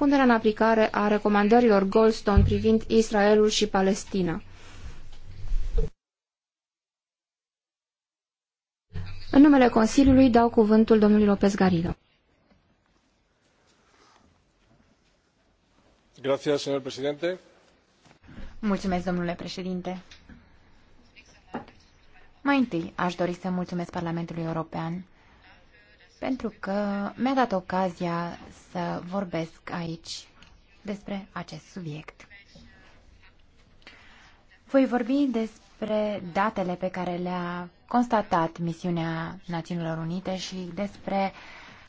punerea în aplicare a recomandărilor Goldstone privind Israelul și Palestina. În numele Consiliului dau cuvântul domnului López Garrido. Mulțumesc, domnule președinte. Mai întâi, aș dori să mulțumesc Parlamentului European pentru că mi-a dat ocazia să vorbesc aici despre acest subiect. Voi vorbi despre datele pe care le-a constatat misiunea Națiunilor Unite și despre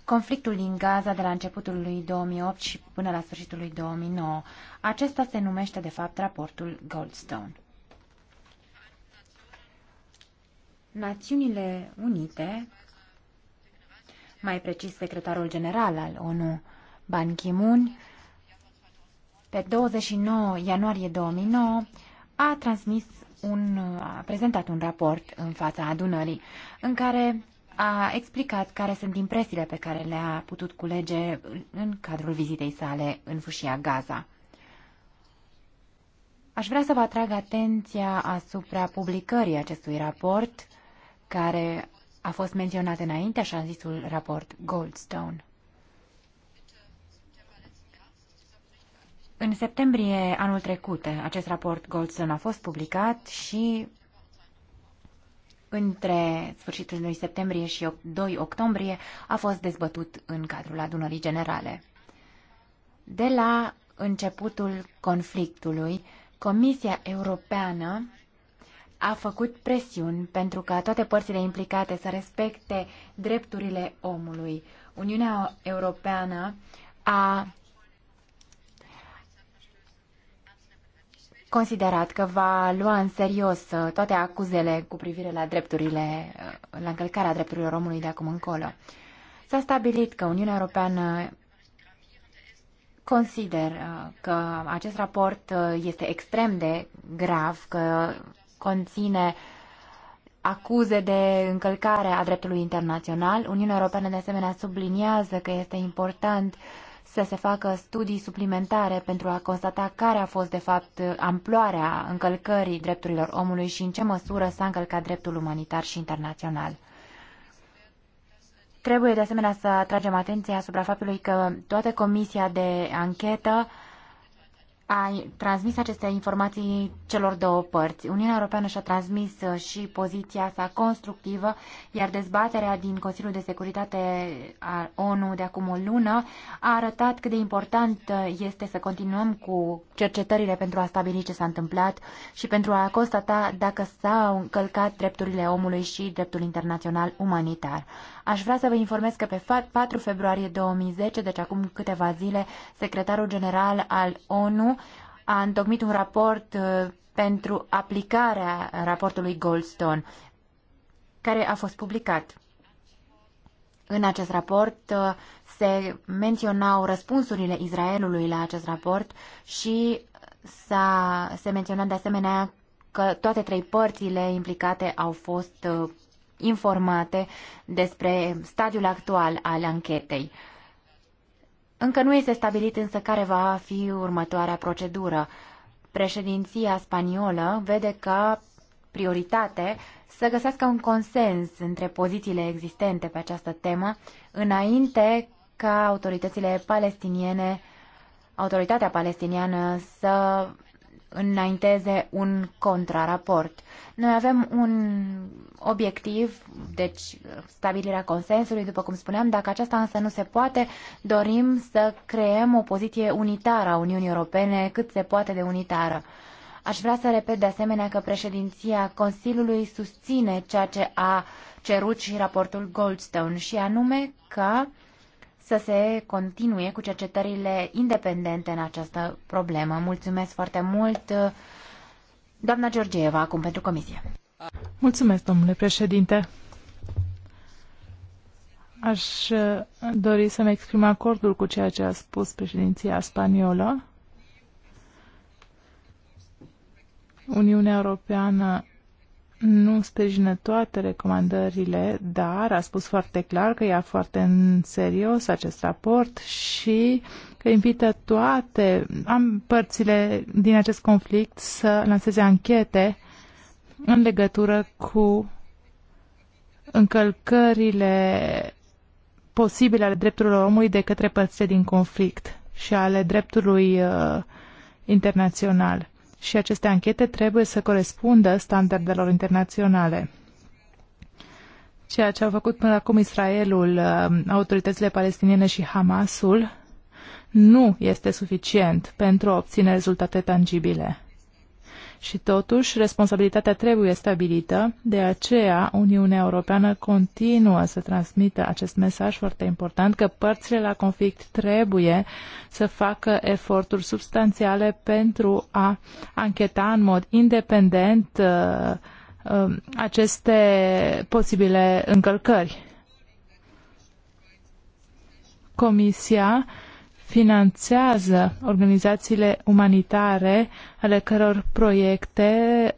conflictul din Gaza de la începutul lui 2008 și până la sfârșitul lui 2009. Acesta se numește, de fapt, raportul Goldstone. Națiunile Unite mai precis secretarul general al ONU, Ban Ki-moon, pe 29 ianuarie 2009 a transmis un, a prezentat un raport în fața adunării în care a explicat care sunt impresiile pe care le-a putut culege în cadrul vizitei sale în fâșia Gaza. Aș vrea să vă atrag atenția asupra publicării acestui raport, care a fost menționat înainte, așa zisul raport Goldstone. În septembrie anul trecut, acest raport Goldstone a fost publicat și între sfârșitul lui septembrie și 2 octombrie a fost dezbătut în cadrul adunării generale. De la începutul conflictului, Comisia Europeană a făcut presiuni pentru ca toate părțile implicate să respecte drepturile omului. Uniunea Europeană a considerat că va lua în serios uh, toate acuzele cu privire la drepturile, uh, la încălcarea drepturilor omului de acum încolo. S-a stabilit că Uniunea Europeană consider uh, că acest raport este extrem de grav, că conține acuze de încălcare a dreptului internațional. Uniunea Europeană de asemenea subliniază că este important să se facă studii suplimentare pentru a constata care a fost de fapt amploarea încălcării drepturilor omului și în ce măsură s-a încălcat dreptul umanitar și internațional. Trebuie de asemenea să atragem atenția asupra faptului că toată comisia de anchetă a transmis aceste informații celor două părți. Uniunea Europeană și-a transmis uh, și poziția sa constructivă, iar dezbaterea din Consiliul de Securitate al ONU de acum o lună a arătat cât de important uh, este să continuăm cu cercetările pentru a stabili ce s-a întâmplat și pentru a constata dacă s-au încălcat drepturile omului și dreptul internațional umanitar. Aș vrea să vă informez că pe 4 februarie 2010, deci acum câteva zile, secretarul general al ONU a întocmit un raport uh, pentru aplicarea raportului Goldstone, care a fost publicat. În acest raport uh, se menționau răspunsurile Israelului la acest raport și s-a, se menționa de asemenea că toate trei părțile implicate au fost uh, informate despre stadiul actual al anchetei. Încă nu este stabilit însă care va fi următoarea procedură. Președinția spaniolă vede ca prioritate să găsească un consens între pozițiile existente pe această temă înainte ca autoritățile palestiniene, autoritatea palestiniană să înainteze un contraraport. Noi avem un obiectiv, deci stabilirea consensului, după cum spuneam, dacă aceasta însă nu se poate, dorim să creăm o poziție unitară a Uniunii Europene, cât se poate de unitară. Aș vrea să repet de asemenea că președinția Consiliului susține ceea ce a cerut și raportul Goldstone, și anume că uh, să se continue cu cercetările independente în această problemă. Mulțumesc foarte mult, doamna Georgieva, acum pentru comisie. Mulțumesc, domnule președinte. Aș uh, dori să-mi exprim acordul cu ceea ce a spus președinția spaniolă. Uniunea Europeană nu sprijină toate recomandările, dar a spus foarte clar că ia foarte în serios acest raport și că invită toate am părțile din acest conflict să lanseze anchete în legătură cu încălcările posibile ale drepturilor omului de către părțile din conflict și ale dreptului uh, internațional și aceste anchete trebuie să corespundă standardelor internaționale. Ceea ce au făcut până acum Israelul, um, autoritățile palestiniene și Hamasul nu este suficient pentru a obține rezultate tangibile. Și totuși, responsabilitatea trebuie stabilită, de aceea Uniunea Europeană continuă să transmită acest mesaj foarte important că părțile la conflict trebuie să facă eforturi substanțiale pentru a ancheta în mod independent uh, uh, aceste posibile încălcări. Comisia finanțează organizațiile umanitare ale căror proiecte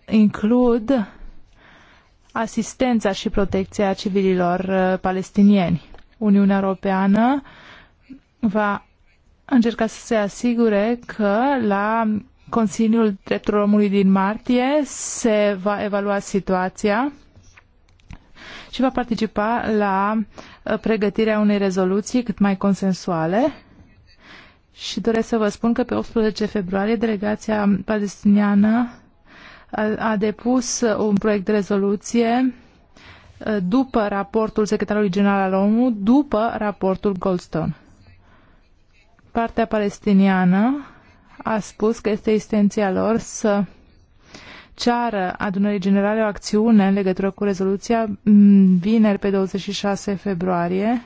includ asistența și protecția civililor uh, palestinieni. Uniunea Europeană va încerca să se asigure că la Consiliul Drepturilor Omului din martie se va evalua situația și va participa la uh, pregătirea unei rezoluții cât mai consensuale și doresc să vă spun că pe 18 februarie delegația palestiniană a, depus un proiect de rezoluție uh, după raportul secretarului general al ONU, după raportul Goldstone. Partea palestiniană a spus că este esenția lor să ceară adunării generale o acțiune în legătură cu rezoluția mm, vineri pe 26 februarie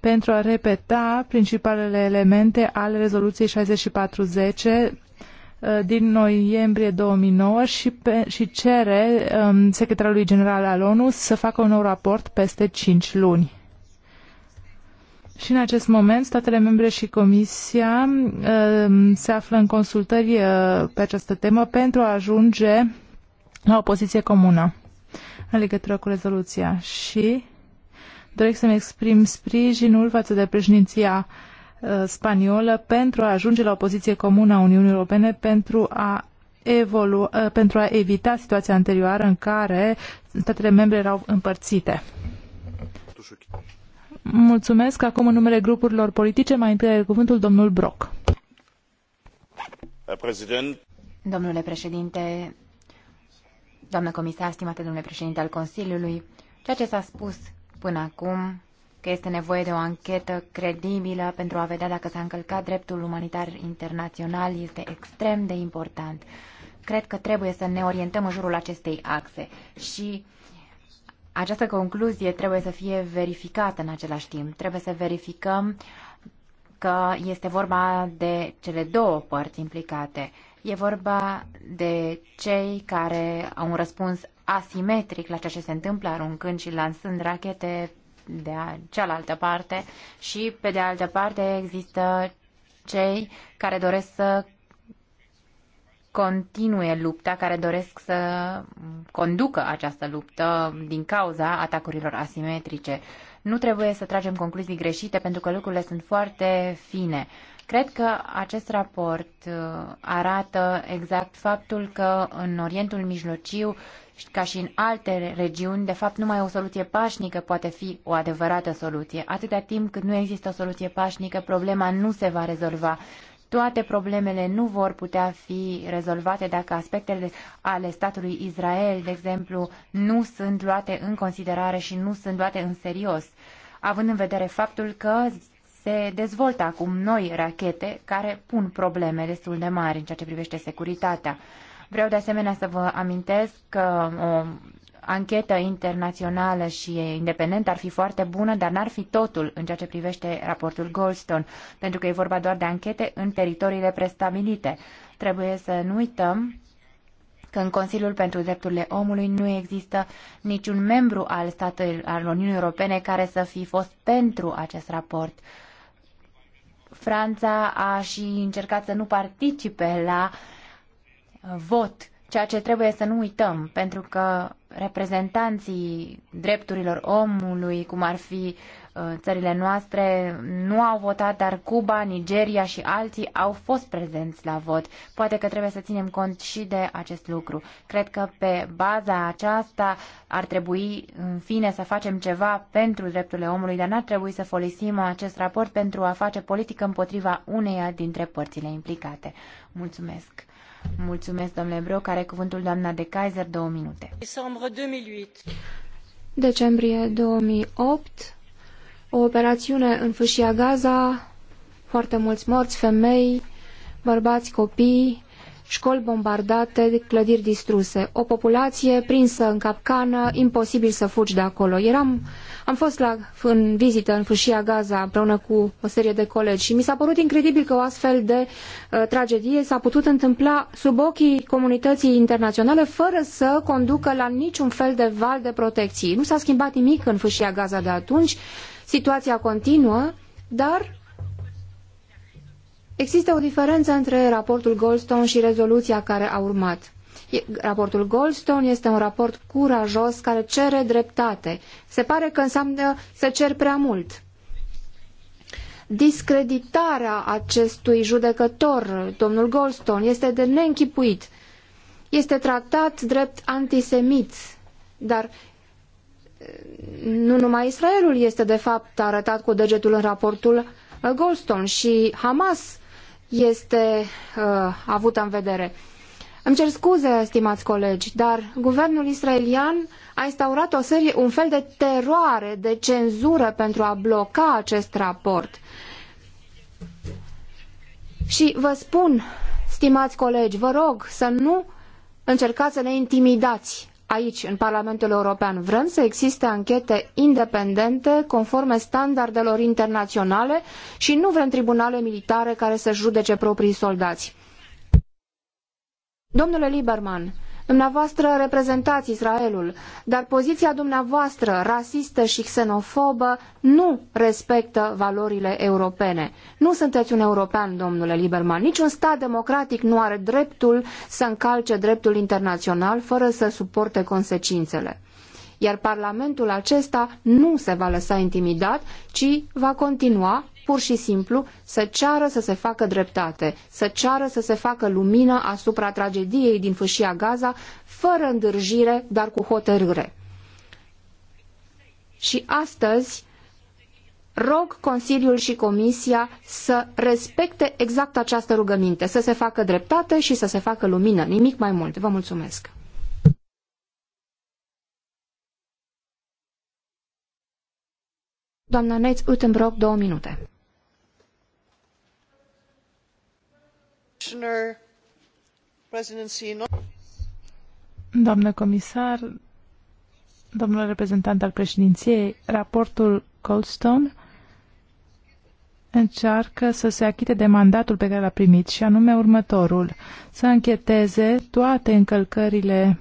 pentru a repeta principalele elemente ale rezoluției 6410 uh, din noiembrie 2009 și, pe, și cere um, secretarului general al ONU să facă un nou raport peste 5 luni. Și în acest moment, statele membre și Comisia um, se află în consultări uh, pe această temă pentru a ajunge la o poziție comună în legătură cu rezoluția. Și doresc să-mi exprim sprijinul față de președinția uh, spaniolă pentru a ajunge la o poziție comună a Uniunii Europene pentru a evolu- uh, pentru a evita situația anterioară în care statele membre erau împărțite. Mulțumesc. Acum, în numele grupurilor politice, mai întâi are cuvântul domnul Brock. Domnule președinte, doamnă comisar, stimate domnule președinte al Consiliului, ceea ce s-a spus până acum că este nevoie de o anchetă credibilă pentru a vedea dacă s-a încălcat dreptul umanitar internațional este extrem de important. Cred că trebuie să ne orientăm în jurul acestei axe și această concluzie trebuie să fie verificată în același timp. Trebuie să verificăm că este vorba de cele două părți implicate. E vorba de cei care au un răspuns asimetric la ceea ce se întâmplă, aruncând și lansând rachete de a cealaltă parte și, pe de altă parte, există cei care doresc să continue lupta, care doresc să conducă această luptă din cauza atacurilor asimetrice. Nu trebuie să tragem concluzii greșite pentru că lucrurile sunt foarte fine. Cred că acest raport uh, arată exact faptul că în Orientul Mijlociu ca și în alte regiuni, de fapt numai o soluție pașnică poate fi o adevărată soluție. Atâta timp cât nu există o soluție pașnică, problema nu se va rezolva. Toate problemele nu vor putea fi rezolvate dacă aspectele ale statului Israel, de exemplu, nu sunt luate în considerare și nu sunt luate în serios, având în vedere faptul că se dezvoltă acum noi rachete care pun probleme destul de mari în ceea ce privește securitatea. Vreau de asemenea să vă amintesc că o anchetă internațională și independentă ar fi foarte bună, dar n-ar fi totul în ceea ce privește raportul Goldstone, pentru că e vorba doar de anchete în teritoriile prestabilite. Trebuie să nu uităm că în Consiliul pentru Drepturile Omului nu există niciun membru al statului al Uniunii Europene care să fi fost pentru acest raport. Franța a și încercat să nu participe la uh, vot, ceea ce trebuie să nu uităm, pentru că reprezentanții drepturilor omului, cum ar fi uh, țările noastre, nu au votat, dar Cuba, Nigeria și alții au fost prezenți la vot. Poate că trebuie să ținem cont și de acest lucru. Cred că pe baza aceasta ar trebui, în fine, să facem ceva pentru drepturile omului, dar n-ar trebui să folosim acest raport pentru a face politică împotriva uneia dintre părțile implicate. Mulțumesc! Mulțumesc, domnule Broc. care cuvântul doamna de Kaiser, două minute. Decembrie 2008, o operațiune în fâșia Gaza, foarte mulți morți, femei, bărbați, copii, școli bombardate, clădiri distruse, o populație prinsă în capcană, imposibil să fugi de acolo. Eram, am fost la, în vizită în fâșia Gaza împreună cu o serie de colegi și mi s-a părut incredibil că o astfel de uh, tragedie s-a putut întâmpla sub ochii comunității internaționale fără să conducă la niciun fel de val de protecție. Nu s-a schimbat nimic în fâșia Gaza de atunci, situația continuă, dar Există o diferență între raportul Goldstone și rezoluția care a urmat. Raportul Goldstone este un raport curajos care cere dreptate. Se pare că înseamnă să cer prea mult. Discreditarea acestui judecător, domnul Goldstone, este de neînchipuit. Este tratat drept antisemit, dar nu numai Israelul este de fapt arătat cu degetul în raportul uh, Goldstone și Hamas este uh, avută în vedere. Îmi cer scuze, stimați colegi, dar guvernul israelian a instaurat o serie, un fel de teroare, de cenzură pentru a bloca acest raport. Și vă spun, stimați colegi, vă rog să nu încercați să ne intimidați aici, în Parlamentul European. Vrem să existe anchete independente, conforme standardelor internaționale și nu vrem tribunale militare care să judece proprii soldați. Domnule Lieberman, Dumneavoastră reprezentați Israelul, dar poziția dumneavoastră rasistă și xenofobă nu respectă valorile europene. Nu sunteți un european, domnule Liberman. Niciun stat democratic nu are dreptul să încalce dreptul internațional fără să suporte consecințele. Iar Parlamentul acesta nu se va lăsa intimidat, ci va continua pur și simplu să ceară să se facă dreptate, să ceară să se facă lumină asupra tragediei din fâșia Gaza, fără îndârjire, dar cu hotărâre. Și astăzi rog Consiliul și Comisia să respecte exact această rugăminte, să se facă dreptate și să se facă lumină, nimic mai mult. Vă mulțumesc! Doamna Neitz două minute. Doamnă comisar, domnule reprezentant al președinției, raportul Goldstone încearcă să se achite de mandatul pe care l-a primit și anume următorul, să încheteze toate încălcările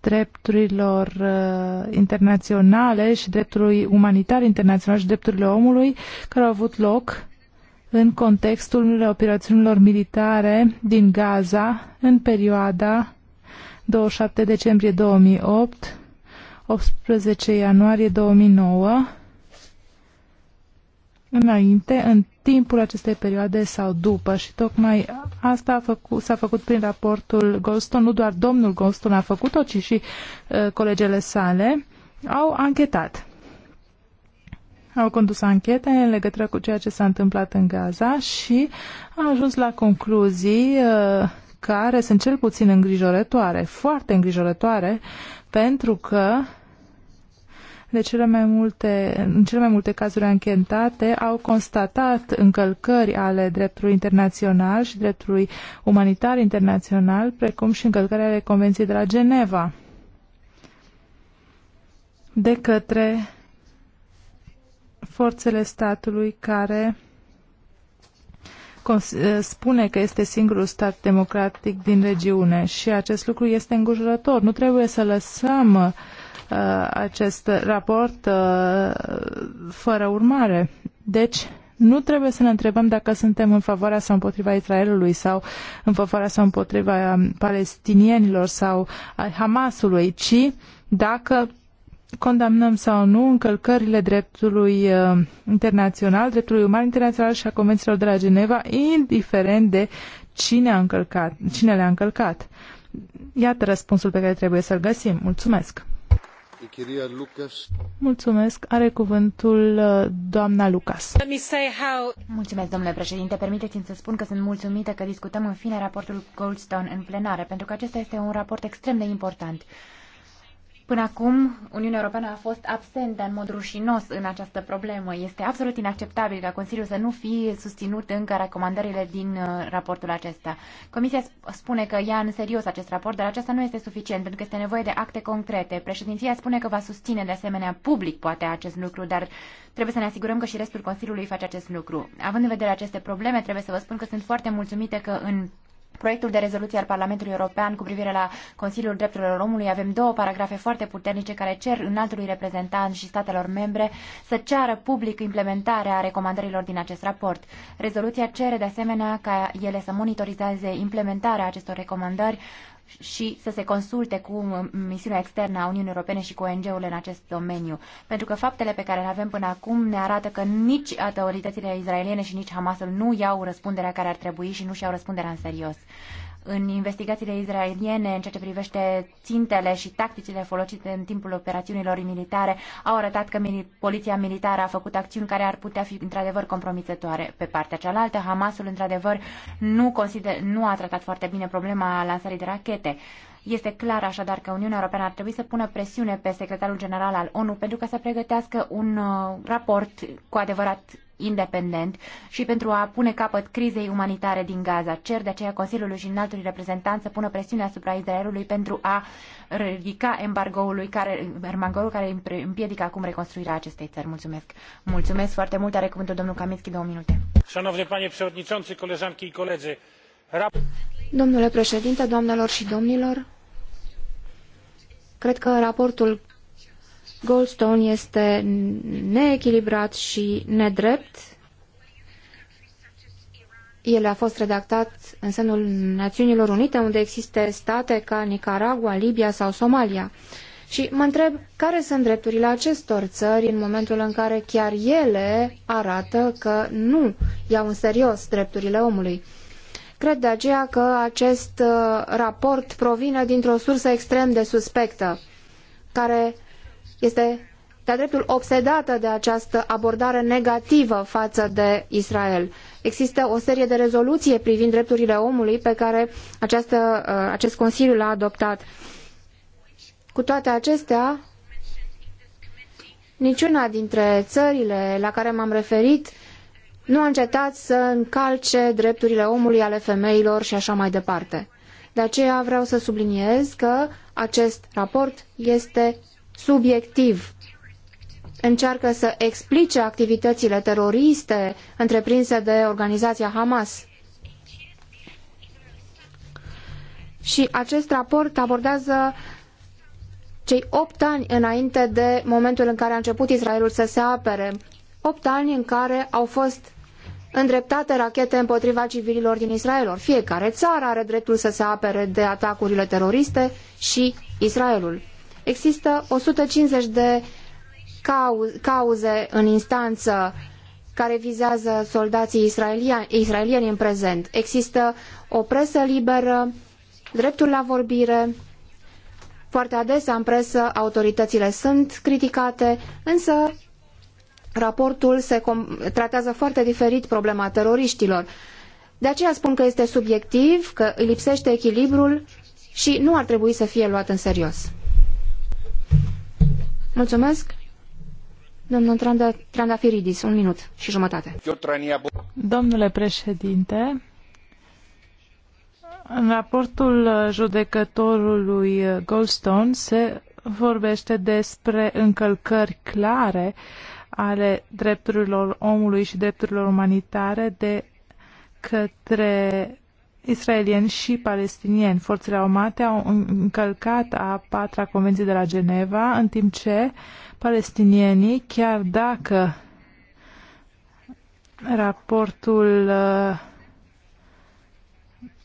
drepturilor uh, internaționale și dreptului umanitar internațional și drepturile omului care au avut loc în contextul operațiunilor militare din Gaza în perioada 27 decembrie 2008 18 ianuarie 2009 înainte, în timpul acestei perioade sau după și tocmai asta a făcut, s-a făcut prin raportul Goldstone, nu doar domnul Goldstone a făcut-o, ci și uh, colegele sale au anchetat au condus anchete în legătură cu ceea ce s-a întâmplat în Gaza și au ajuns la concluzii uh, care sunt cel puțin îngrijorătoare, foarte îngrijorătoare, pentru că de cele mai multe, în cele mai multe cazuri anchetate au constatat încălcări ale dreptului internațional și dreptului umanitar internațional, precum și încălcări ale Convenției de la Geneva de către forțele statului care eh, spune că este singurul stat democratic din regiune și acest lucru este îngrijorător. Nu trebuie să lăsăm uh, acest raport uh, fără urmare. Deci, nu trebuie să ne întrebăm dacă suntem în favoarea sau împotriva Israelului sau în favoarea sau împotriva palestinienilor sau Hamasului, ci dacă condamnăm sau nu încălcările dreptului uh, internațional, dreptului uman internațional și a convențiilor de la Geneva, indiferent de cine, a încălcat, cine le-a încălcat. Iată răspunsul pe care trebuie să-l găsim. Mulțumesc! Mulțumesc. Are cuvântul uh, doamna Lucas. Mulțumesc, domnule președinte. Permiteți-mi să spun că sunt mulțumită că discutăm în fine raportul Goldstone în plenară, pentru că acesta este un raport extrem de important. Până acum, Uniunea Europeană a fost absentă în mod rușinos în această problemă. Este absolut inacceptabil ca Consiliul să nu fie susținut încă recomandările din uh, raportul acesta. Comisia spune că ia în serios acest raport, dar acesta nu este suficient, pentru că este nevoie de acte concrete. Președinția spune că va susține de asemenea public poate acest lucru, dar trebuie să ne asigurăm că și restul Consiliului face acest lucru. Având în vedere aceste probleme, trebuie să vă spun că sunt foarte mulțumită că în proiectul de rezoluție al Parlamentului European cu privire la Consiliul Drepturilor Omului avem două paragrafe foarte puternice care cer înaltului reprezentant și statelor membre să ceară public implementarea recomandărilor din acest raport. Rezoluția cere de asemenea ca ele să monitorizeze implementarea acestor recomandări și să se consulte cu um, misiunea externă a Uniunii Europene și cu ONG-urile în acest domeniu. Pentru că faptele pe care le avem până acum ne arată că nici autoritățile izraeliene și nici Hamasul nu iau răspunderea care ar trebui și nu și-au răspunderea în serios în investigațiile izraeliene în ceea ce privește țintele și tacticile folosite în timpul operațiunilor militare au arătat că mili- poliția militară a făcut acțiuni care ar putea fi într-adevăr compromisătoare. Pe partea cealaltă, Hamasul într-adevăr nu, consider, nu a tratat foarte bine problema lansării de rachete. Este clar așadar că Uniunea Europeană ar trebui să pună presiune pe secretarul general al ONU pentru ca să pregătească un uh, raport cu adevărat independent și pentru a pune capăt crizei umanitare din Gaza. Cer de aceea Consiliului și înaltului reprezentant să pună presiune asupra Israelului pentru a ridica embargoului care, embargoul care împiedică acum reconstruirea acestei țări. Mulțumesc. Mulțumesc foarte mult. Are cuvântul domnul Kaminski, două minute. panie Domnule președinte, doamnelor și domnilor, Cred că raportul Goldstone este neechilibrat și nedrept. El a fost redactat în senul Națiunilor Unite, unde există state ca Nicaragua, Libia sau Somalia. Și mă întreb care sunt drepturile acestor țări în momentul în care chiar ele arată că nu iau în serios drepturile omului. Cred de aceea că acest uh, raport provine dintr-o sursă extrem de suspectă, care este de-a dreptul obsedată de această abordare negativă față de Israel. Există o serie de rezoluție privind drepturile omului pe care această, uh, acest Consiliu l-a adoptat. Cu toate acestea, niciuna dintre țările la care m-am referit nu a încetat să încalce drepturile omului ale femeilor și așa mai departe. De aceea vreau să subliniez că acest raport este subiectiv. Încearcă să explice activitățile teroriste întreprinse de organizația Hamas. Și acest raport abordează cei opt ani înainte de momentul în care a început Israelul să se apere. opt ani în care au fost îndreptate rachete împotriva civililor din Israel. Fiecare țară are dreptul să se apere de atacurile teroriste și Israelul. Există 150 de cauze în instanță care vizează soldații israelieni, în prezent. Există o presă liberă, dreptul la vorbire. Foarte adesea în presă autoritățile sunt criticate, însă Raportul se tratează foarte diferit problema teroriștilor. De aceea spun că este subiectiv, că îi lipsește echilibrul și nu ar trebui să fie luat în serios. Mulțumesc. Domnul Tranda, Trandafiridis, un minut și jumătate. Domnule președinte, în raportul judecătorului Goldstone se vorbește despre încălcări clare ale drepturilor omului și drepturilor umanitare de către israelieni și palestinieni. Forțele armate au încălcat a patra convenție de la Geneva, în timp ce palestinienii, chiar dacă raportul uh,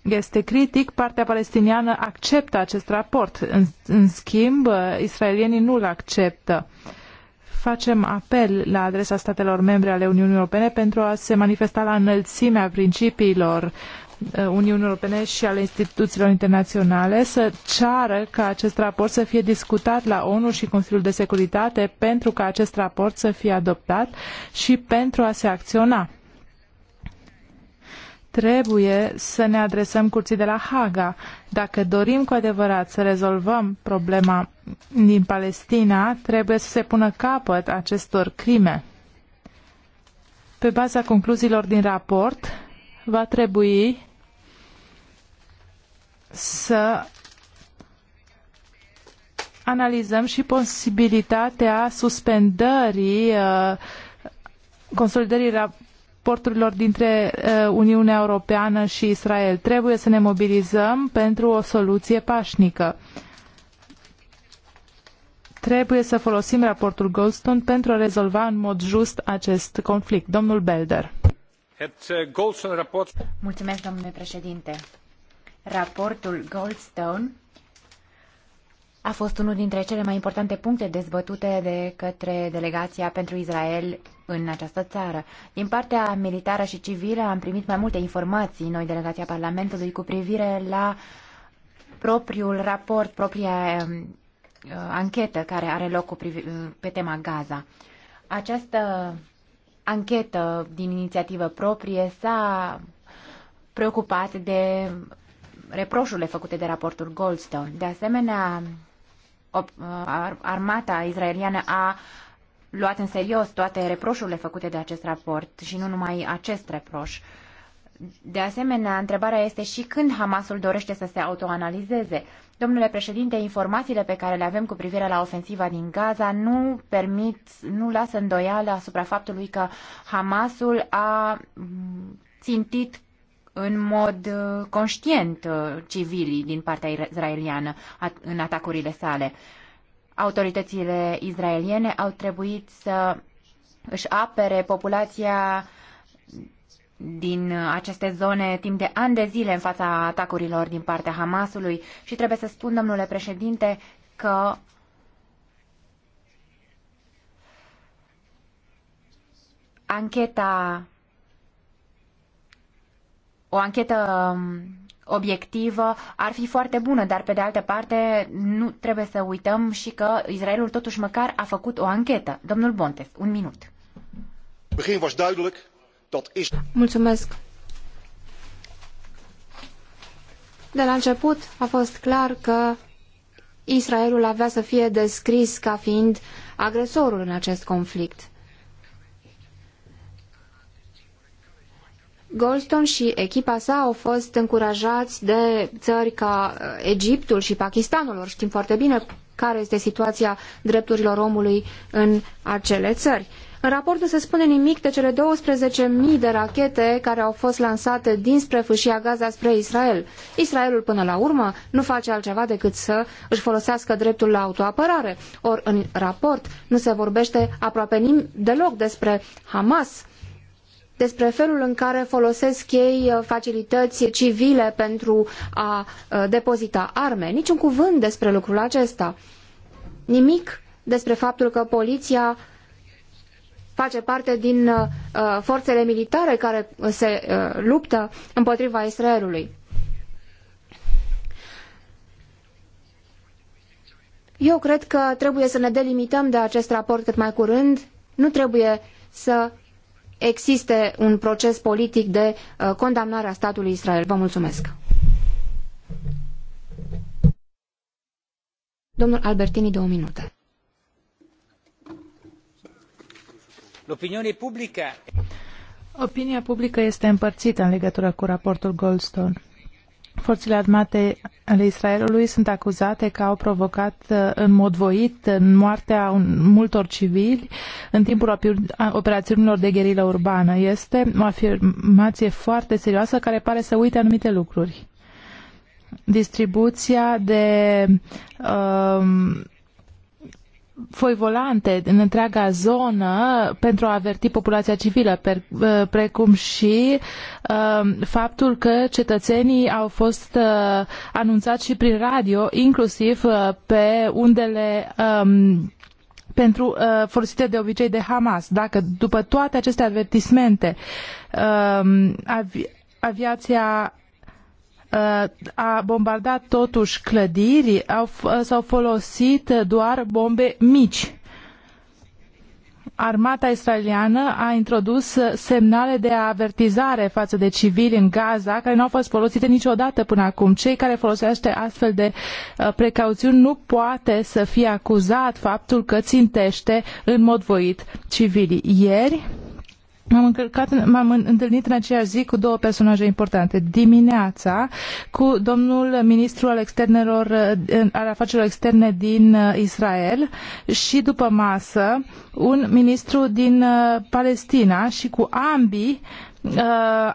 este critic, partea palestiniană acceptă acest raport. În, în schimb, uh, israelienii nu-l acceptă. Uh, facem apel la adresa statelor membre ale Uniunii Europene pentru a se manifesta la înălțimea principiilor uh, Uniunii Europene și ale instituțiilor internaționale să ceară ca acest raport să fie discutat la ONU și Consiliul de Securitate pentru ca acest raport să fie adoptat și pentru a se acționa trebuie să ne adresăm curții de la Haga. Dacă dorim cu adevărat să rezolvăm problema din Palestina, trebuie să se pună capăt acestor crime. Pe baza concluziilor din raport, va trebui să analizăm și posibilitatea suspendării uh, consolidării porturilor dintre uh, Uniunea Europeană și Israel. Trebuie să ne mobilizăm pentru o soluție pașnică. Trebuie să folosim raportul Goldstone pentru a rezolva în mod just acest conflict. Domnul Belder. Uh, Mulțumesc, domnule președinte. Raportul Goldstone a fost unul dintre cele mai importante puncte dezbătute de către delegația pentru Israel în această țară. Din partea militară și civilă am primit mai multe informații, noi delegația Parlamentului, cu privire la propriul raport, propria um, uh, anchetă care are loc cu privi, uh, pe tema Gaza. Această anchetă din inițiativă proprie s-a preocupat de reproșurile făcute de raportul Goldstone. De asemenea, Uh, armata israeliană a luat în serios toate reproșurile făcute de acest raport și nu numai acest reproș. De asemenea, întrebarea este și când Hamasul dorește să se autoanalizeze. Domnule președinte, informațiile pe care le avem cu privire la ofensiva din Gaza nu permit, nu lasă îndoială asupra faptului că Hamasul a țintit în mod uh, conștient uh, civilii din partea israeliană în atacurile sale. Autoritățile israeliene au trebuit să își apere populația din uh, aceste zone timp de ani de zile în fața atacurilor din partea Hamasului și trebuie să spun, domnule președinte, că ancheta o anchetă um, obiectivă ar fi foarte bună, dar pe de altă parte nu trebuie să uităm și că Israelul totuși măcar a făcut o anchetă. Domnul Bontes, un minut. Mulțumesc. De la început a fost clar că Israelul avea să fie descris ca fiind agresorul în acest conflict. Goldstone și echipa sa au fost încurajați de țări ca uh, Egiptul și Pakistanul. știm foarte bine care este situația drepturilor omului în acele țări. În raport nu se spune nimic de cele 12.000 de rachete care au fost lansate dinspre fâșia Gaza spre Israel. Israelul, până la urmă, nu face altceva decât să își folosească dreptul la autoapărare. Or, în raport nu se vorbește aproape nim- deloc despre Hamas despre felul în care folosesc ei uh, facilități civile pentru a uh, depozita arme. Niciun cuvânt despre lucrul acesta. Nimic despre faptul că poliția face parte din uh, forțele militare care se luptă împotriva Israelului. Eu cred că trebuie să ne delimităm de acest raport cât mai curând. Nu trebuie să existe un proces politic de uh, condamnare a statului Israel. Vă mulțumesc! Domnul Albertini, două minute. Opinia publică este împărțită în legătură cu raportul Goldstone. Forțele armate ale Israelului sunt acuzate că au provocat uh, în mod voit în moartea multor civili în timpul operațiunilor de gherilă urbană. Este o afirmație foarte serioasă care pare să uite anumite lucruri. Distribuția de uh, foi volante în întreaga zonă pentru a averti populația civilă, uh, precum și uh, faptul că cetățenii au fost uh, anunțați și prin radio, inclusiv pe undele um, pentru folosite de obicei de Hamas. Dacă după toate aceste avertismente um, avi, aviația Uh, a bombardat totuși clădiri, au, uh, s-au folosit doar bombe mici. Armata israeliană a introdus semnale de avertizare față de civili în Gaza, care nu au fost folosite niciodată până acum. Cei care folosește astfel de uh, precauțiuni nu poate să fie acuzat faptul că țintește în mod voit civilii. Ieri, M-am, încălcat, m-am întâlnit în aceeași zi cu două personaje importante. Dimineața cu domnul ministru al, externelor, al afacerilor externe din uh, Israel și după masă un ministru din uh, Palestina și cu ambii uh,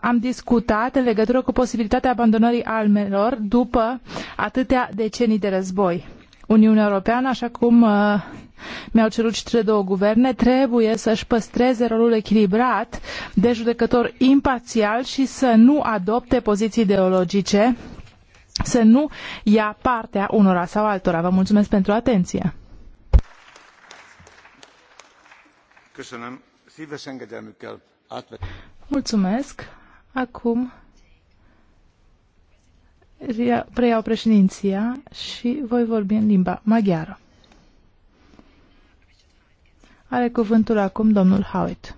am discutat în legătură cu posibilitatea abandonării almelor după atâtea decenii de război. Uniunea Europeană, așa cum mi-au cerut și cele două guverne, trebuie să-și păstreze rolul echilibrat de judecător imparțial și să nu adopte poziții ideologice, să nu ia partea unora sau altora. Vă mulțumesc pentru atenție. Mulțumesc. Acum preiau președinția și voi vorbi în limba maghiară. Are cuvântul acum domnul Howitt.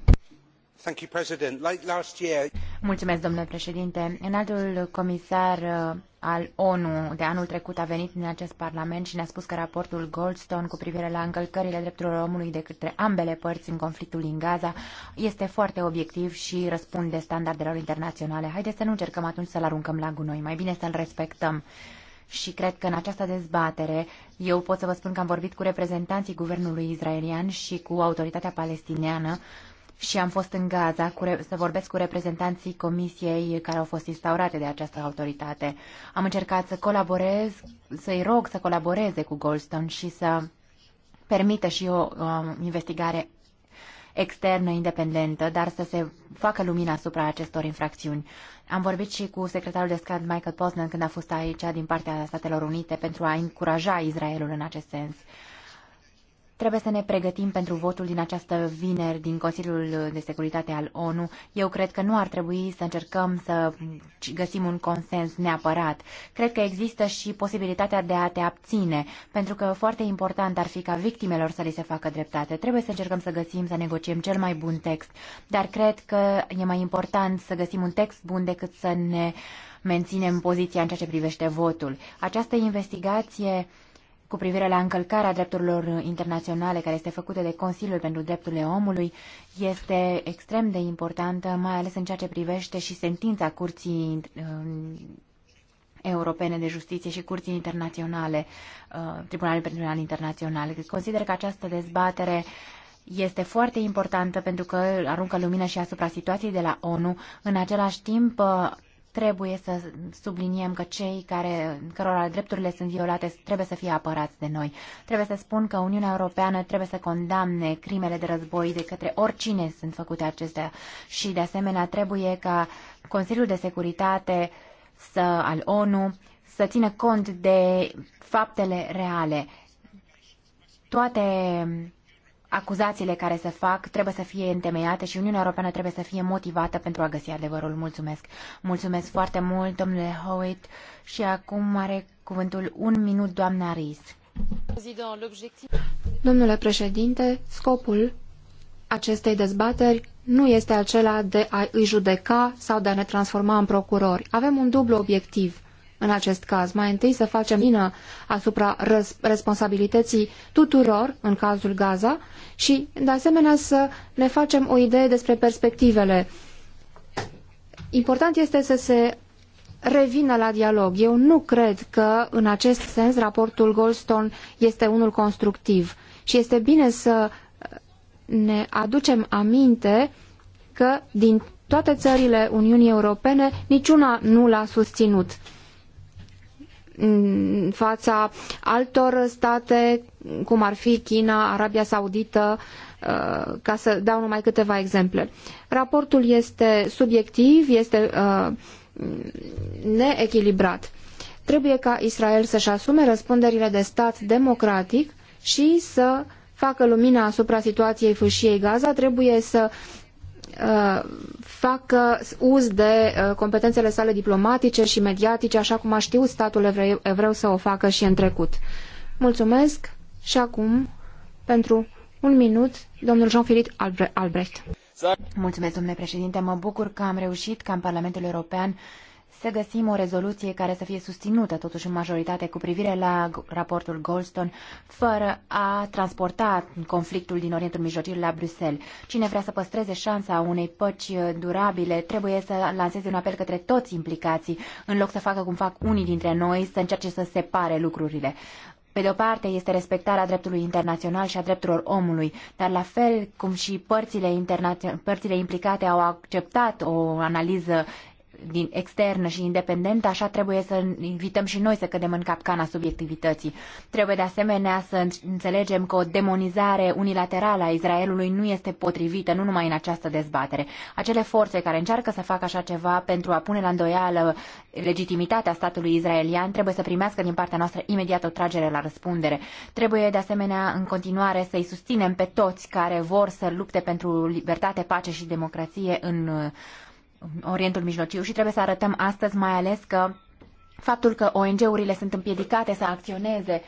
Mulțumesc, domnule președinte. Înaltul comisar uh, al ONU de anul trecut a venit în acest parlament și ne-a spus că raportul Goldstone cu privire la încălcările drepturilor omului de către ambele părți în conflictul din Gaza este foarte obiectiv și răspunde standardelor internaționale. Haideți să nu încercăm atunci să-l aruncăm la gunoi, mai bine să-l respectăm. Uh, și cred că în această dezbatere eu pot să vă spun că am vorbit cu reprezentanții guvernului israelian și cu autoritatea palestiniană și am fost în Gaza cu să vorbesc cu reprezentanții comisiei care au fost instaurate de această autoritate. Am încercat să colaborez, să-i rog să colaboreze cu Goldstone și să permită și o um, investigare externă, independentă, dar să se facă lumina asupra acestor infracțiuni. Am vorbit și cu secretarul de stat Michael Posner când a fost aici din partea Statelor Unite pentru a încuraja Israelul în acest sens. Trebuie să ne pregătim pentru votul din această vineri din Consiliul de Securitate al ONU. Eu cred că nu ar trebui să încercăm să găsim un consens neapărat. Cred că există și posibilitatea de a te abține, pentru că foarte important ar fi ca victimelor să li se facă dreptate. Trebuie să încercăm să găsim, să negociem cel mai bun text, dar cred că e mai important să găsim un text bun decât să ne menținem poziția în ceea ce privește votul. Această investigație cu privire la încălcarea drepturilor internaționale care este făcută de Consiliul pentru Drepturile Omului este extrem de importantă, mai ales în ceea ce privește și sentința Curții uh, Europene de Justiție și Curții Internaționale, uh, Tribunalul Penal Internațional. Consider că această dezbatere este foarte importantă pentru că aruncă lumină și asupra situației de la ONU. În același timp, uh, Trebuie să subliniem că cei care, cărora drepturile sunt violate trebuie să fie apărați de noi. Trebuie să spun că Uniunea Europeană trebuie să condamne crimele de război de către oricine sunt făcute acestea și, de asemenea, trebuie ca Consiliul de Securitate să, al ONU să țină cont de faptele reale. Toate acuzațiile care se fac trebuie să fie întemeiate și Uniunea Europeană trebuie să fie motivată pentru a găsi adevărul. Mulțumesc! Mulțumesc foarte mult, domnule Howitt, și acum are cuvântul un minut doamna Ries. Domnule președinte, scopul acestei dezbateri nu este acela de a îi judeca sau de a ne transforma în procurori. Avem un dublu obiectiv – în acest caz. Mai întâi să facem vină asupra responsabilității tuturor în cazul Gaza și, de asemenea, să ne facem o idee despre perspectivele. Important este să se revină la dialog. Eu nu cred că, în acest sens, raportul Goldstone este unul constructiv și este bine să ne aducem aminte că din toate țările Uniunii Europene, niciuna nu l-a susținut în fața altor state, cum ar fi China, Arabia Saudită, uh, ca să dau numai câteva exemple. Raportul este subiectiv, este uh, neechilibrat. Trebuie ca Israel să-și asume răspunderile de stat democratic și să facă lumina asupra situației fâșiei Gaza, trebuie să Uh, facă uz de uh, competențele sale diplomatice și mediatice, așa cum a știut statul evreu, evreu să o facă și în trecut. Mulțumesc și acum, pentru un minut, domnul Jean-Philippe Albrecht. Mulțumesc, domnule președinte. Mă bucur că am reușit ca în Parlamentul European să găsim o rezoluție care să fie susținută totuși în majoritate cu privire la raportul Goldstone, fără a transporta conflictul din Orientul Mijlociu la Bruxelles. Cine vrea să păstreze șansa unei păci durabile trebuie să lanseze un apel către toți implicații, în loc să facă cum fac unii dintre noi, să încerce să separe lucrurile. Pe de o parte este respectarea dreptului internațional și a drepturilor omului, dar la fel cum și părțile, părțile implicate au acceptat o analiză din externă și independentă, așa trebuie să invităm și noi să cădem în capcana subiectivității. Trebuie de asemenea să înțelegem că o demonizare unilaterală a Israelului nu este potrivită, nu numai în această dezbatere. Acele forțe care încearcă să facă așa ceva pentru a pune la îndoială legitimitatea statului israelian trebuie să primească din partea noastră imediat o tragere la răspundere. Trebuie de asemenea în continuare să-i susținem pe toți care vor să lupte pentru libertate, pace și democrație în Orientul Mijlociu și trebuie să arătăm astăzi mai ales că faptul că ONG-urile sunt împiedicate să acționeze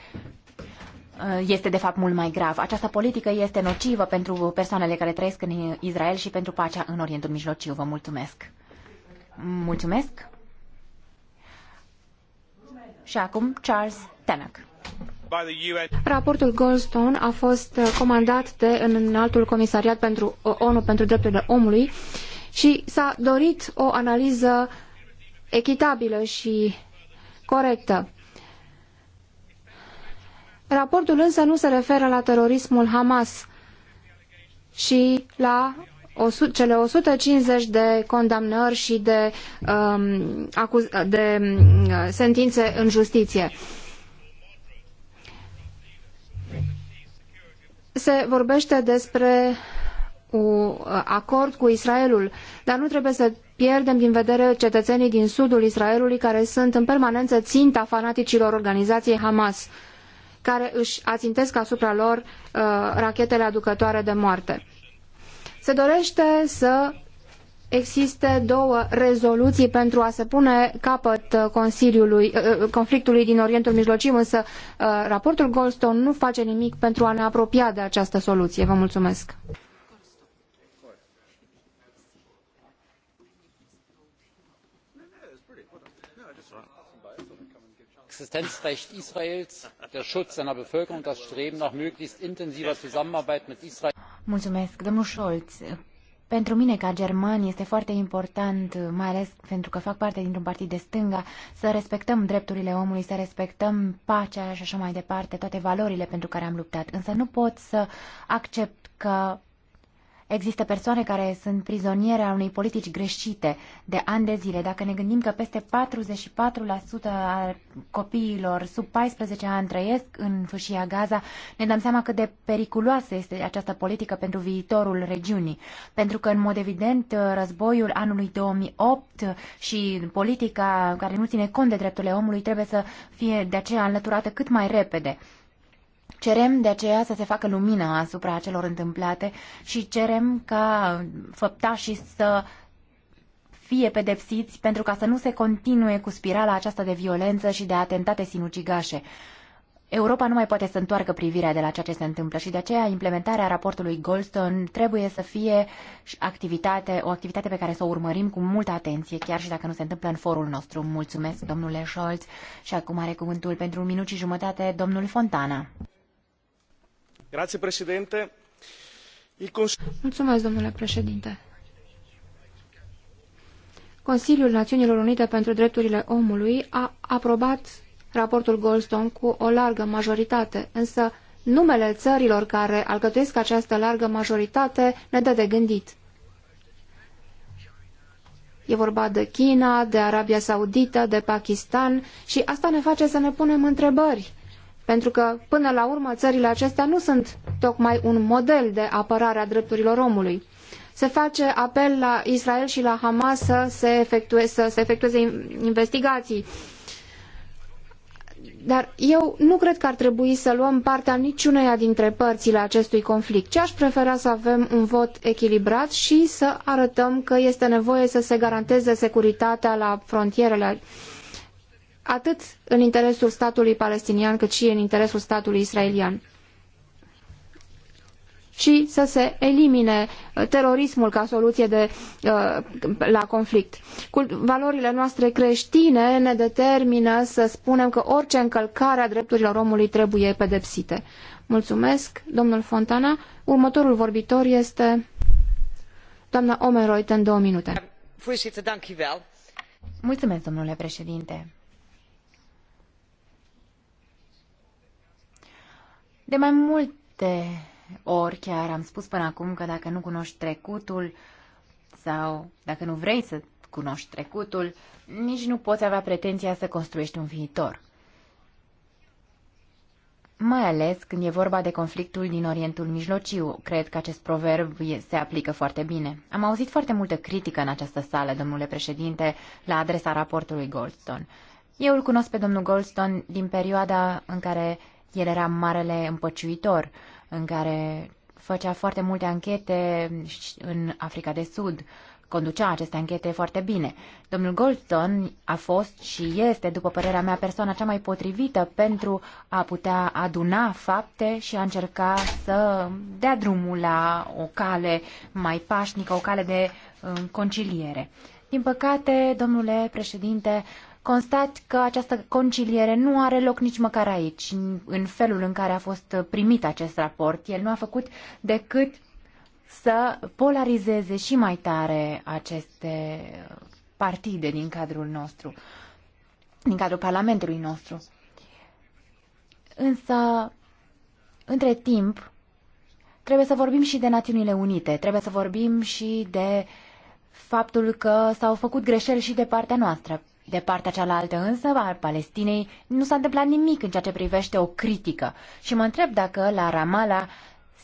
uh, este de fapt mult mai grav. Această politică este nocivă pentru persoanele care trăiesc în Israel și pentru pacea în Orientul Mijlociu. Vă mulțumesc. Mulțumesc. Și acum Charles Tenak. Raportul Goldstone a fost comandat de înaltul comisariat pentru ONU pentru drepturile omului și s-a dorit o analiză echitabilă și corectă. Raportul însă nu se referă la terorismul Hamas și la cele 150 de condamnări și de, um, de um, sentințe în justiție. Se vorbește despre un uh, acord cu Israelul, dar nu trebuie să pierdem din vedere cetățenii din sudul Israelului care sunt în permanență ținta fanaticilor organizației Hamas, care își ațintesc asupra lor uh, rachetele aducătoare de moarte. Se dorește să existe două rezoluții pentru a se pune capăt uh, consiliului, uh, conflictului din Orientul Mijlociu, însă raportul Goldstone nu face nimic pentru a ne apropia de această soluție. Vă mulțumesc! existenzrecht israels der schutz seiner bevölkerung und das streben nach möglichst intensiver zusammenarbeit mit israel. Mulțumesc, domnul Scholz. Pentru mine, ca german, este foarte important, mai ales pentru că fac parte dintr-un partid de stânga, să respectăm drepturile omului, să respectăm pacea și așa mai departe, toate valorile pentru care am luptat. Însă nu pot să accept că Există persoane care sunt prizoniere a unei politici greșite de ani de zile. Dacă ne gândim că peste 44% a copiilor sub 14 ani trăiesc în fâșia Gaza, ne dăm seama cât de periculoasă este această politică pentru viitorul regiunii. Pentru că, în mod evident, războiul anului 2008 și politica care nu ține cont de drepturile omului trebuie să fie de aceea înlăturată cât mai repede. Cerem de aceea să se facă lumină asupra celor întâmplate și cerem ca făptașii să fie pedepsiți pentru ca să nu se continue cu spirala aceasta de violență și de atentate sinucigașe. Europa nu mai poate să întoarcă privirea de la ceea ce se întâmplă și de aceea implementarea raportului Goldstone trebuie să fie activitate, o activitate pe care să o urmărim cu multă atenție, chiar și dacă nu se întâmplă în forul nostru. Mulțumesc, domnule Scholz, și acum are cuvântul pentru un minut și jumătate domnul Fontana domnule președinte. Consiliul Națiunilor Unite pentru Drepturile Omului a aprobat raportul Goldstone cu o largă majoritate, însă numele țărilor care alcătuiesc această largă majoritate ne dă de gândit. E vorba de China, de Arabia Saudită, de Pakistan și asta ne face să ne punem întrebări pentru că, până la urmă, țările acestea nu sunt tocmai un model de apărare a drepturilor omului. Se face apel la Israel și la Hamas să se, să se efectueze investigații. Dar eu nu cred că ar trebui să luăm partea niciuneia dintre părțile acestui conflict, ci aș prefera să avem un vot echilibrat și să arătăm că este nevoie să se garanteze securitatea la frontierele atât în interesul statului palestinian, cât și în interesul statului israelian. Și să se elimine uh, terorismul ca soluție de, uh, la conflict. Cu valorile noastre creștine ne determină să spunem că orice încălcare a drepturilor omului trebuie pedepsită. Mulțumesc, domnul Fontana. Următorul vorbitor este doamna Omeroit în două minute. Mulțumesc, domnule președinte. De mai multe ori chiar am spus până acum că dacă nu cunoști trecutul sau dacă nu vrei să cunoști trecutul, nici nu poți avea pretenția să construiești un viitor. Mai ales când e vorba de conflictul din Orientul Mijlociu, cred că acest proverb se aplică foarte bine. Am auzit foarte multă critică în această sală, domnule președinte, la adresa raportului Goldstone. Eu îl cunosc pe domnul Goldstone din perioada în care el era marele împăciuitor în care făcea foarte multe anchete în Africa de Sud, conducea aceste anchete foarte bine. Domnul Goldstone a fost și este, după părerea mea, persoana cea mai potrivită pentru a putea aduna fapte și a încerca să dea drumul la o cale mai pașnică, o cale de uh, conciliere. Din păcate, domnule președinte, constat că această conciliere nu are loc nici măcar aici, în felul în care a fost primit acest raport. El nu a făcut decât să polarizeze și mai tare aceste partide din cadrul nostru, din cadrul Parlamentului nostru. Însă, între timp, trebuie să vorbim și de Națiunile Unite, trebuie să vorbim și de faptul că s-au făcut greșeli și de partea noastră. De partea cealaltă însă, a Palestinei, nu s-a întâmplat nimic în ceea ce privește o critică și mă întreb dacă la Ramallah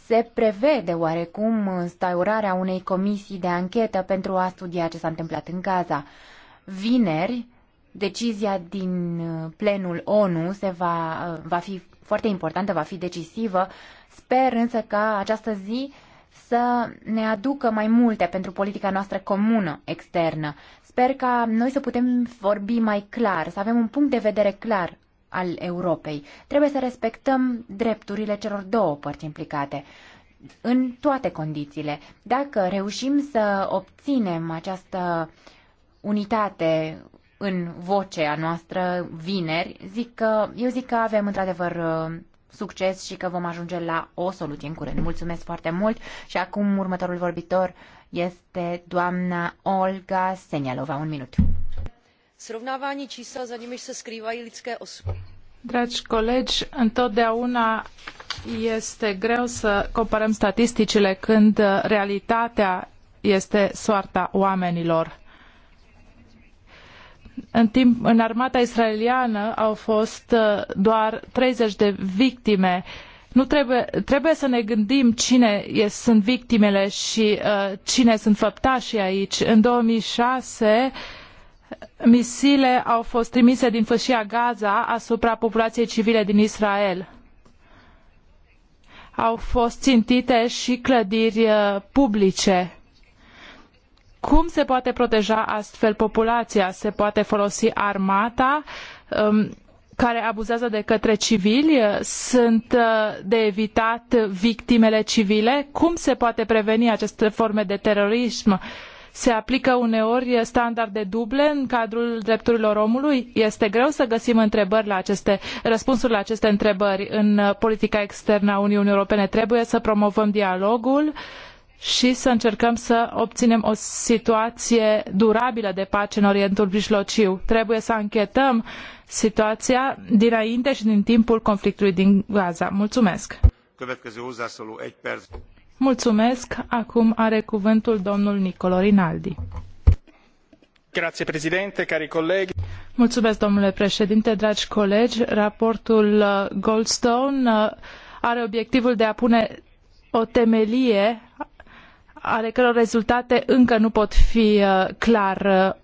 se prevede oarecum instaurarea unei comisii de anchetă pentru a studia ce s-a întâmplat în Gaza. Vineri, decizia din plenul ONU se va, va fi foarte importantă, va fi decisivă. Sper însă ca această zi să ne aducă mai multe pentru politica noastră comună externă. Sper ca noi să putem vorbi mai clar, să avem un punct de vedere clar al Europei. Trebuie să respectăm drepturile celor două părți implicate în toate condițiile. Dacă reușim să obținem această unitate în vocea noastră vineri, zic că, eu zic că avem într-adevăr uh, succes și că vom ajunge la o soluție în curând. Mulțumesc foarte mult și acum următorul vorbitor este doamna Olga Senialova. Un minut. Srovnávání čísel, za nimiž se skrývají lidské osudy. Dragi colegi, întotdeauna este greu să comparăm statisticile când realitatea este soarta oamenilor. În, timp, în armata israeliană au fost uh, doar 30 de victime uh, nu trebuie, trebuie să ne gândim cine sunt victimele și uh, cine sunt făptașii aici. În 2006 misile au fost trimise din fâșia Gaza asupra populației civile din Israel. Au fost țintite și clădiri uh, publice. Cum se poate proteja astfel populația? Se poate folosi armata? Um, care abuzează de către civili? Uh, sunt uh, de evitat victimele civile? Cum se poate preveni aceste forme de terorism? Se aplică uneori standarde duble în cadrul drepturilor omului? Este greu să găsim întrebări la aceste, răspunsuri la aceste întrebări în uh, politica externă a Uniunii Europene. Trebuie să promovăm dialogul, uh, și să încercăm să obținem o situație durabilă de pace în Orientul Mijlociu. Trebuie să anchetăm situația dinainte și din timpul conflictului din Gaza. Mulțumesc! Mulțumesc! Acum are cuvântul domnul Nicolo Rinaldi. Grazie, președinte, cari colegi. Mulțumesc, domnule președinte, dragi colegi. Raportul uh, Goldstone uh, are obiectivul de a pune o temelie ale căror rezultate încă nu pot fi uh, clar uh,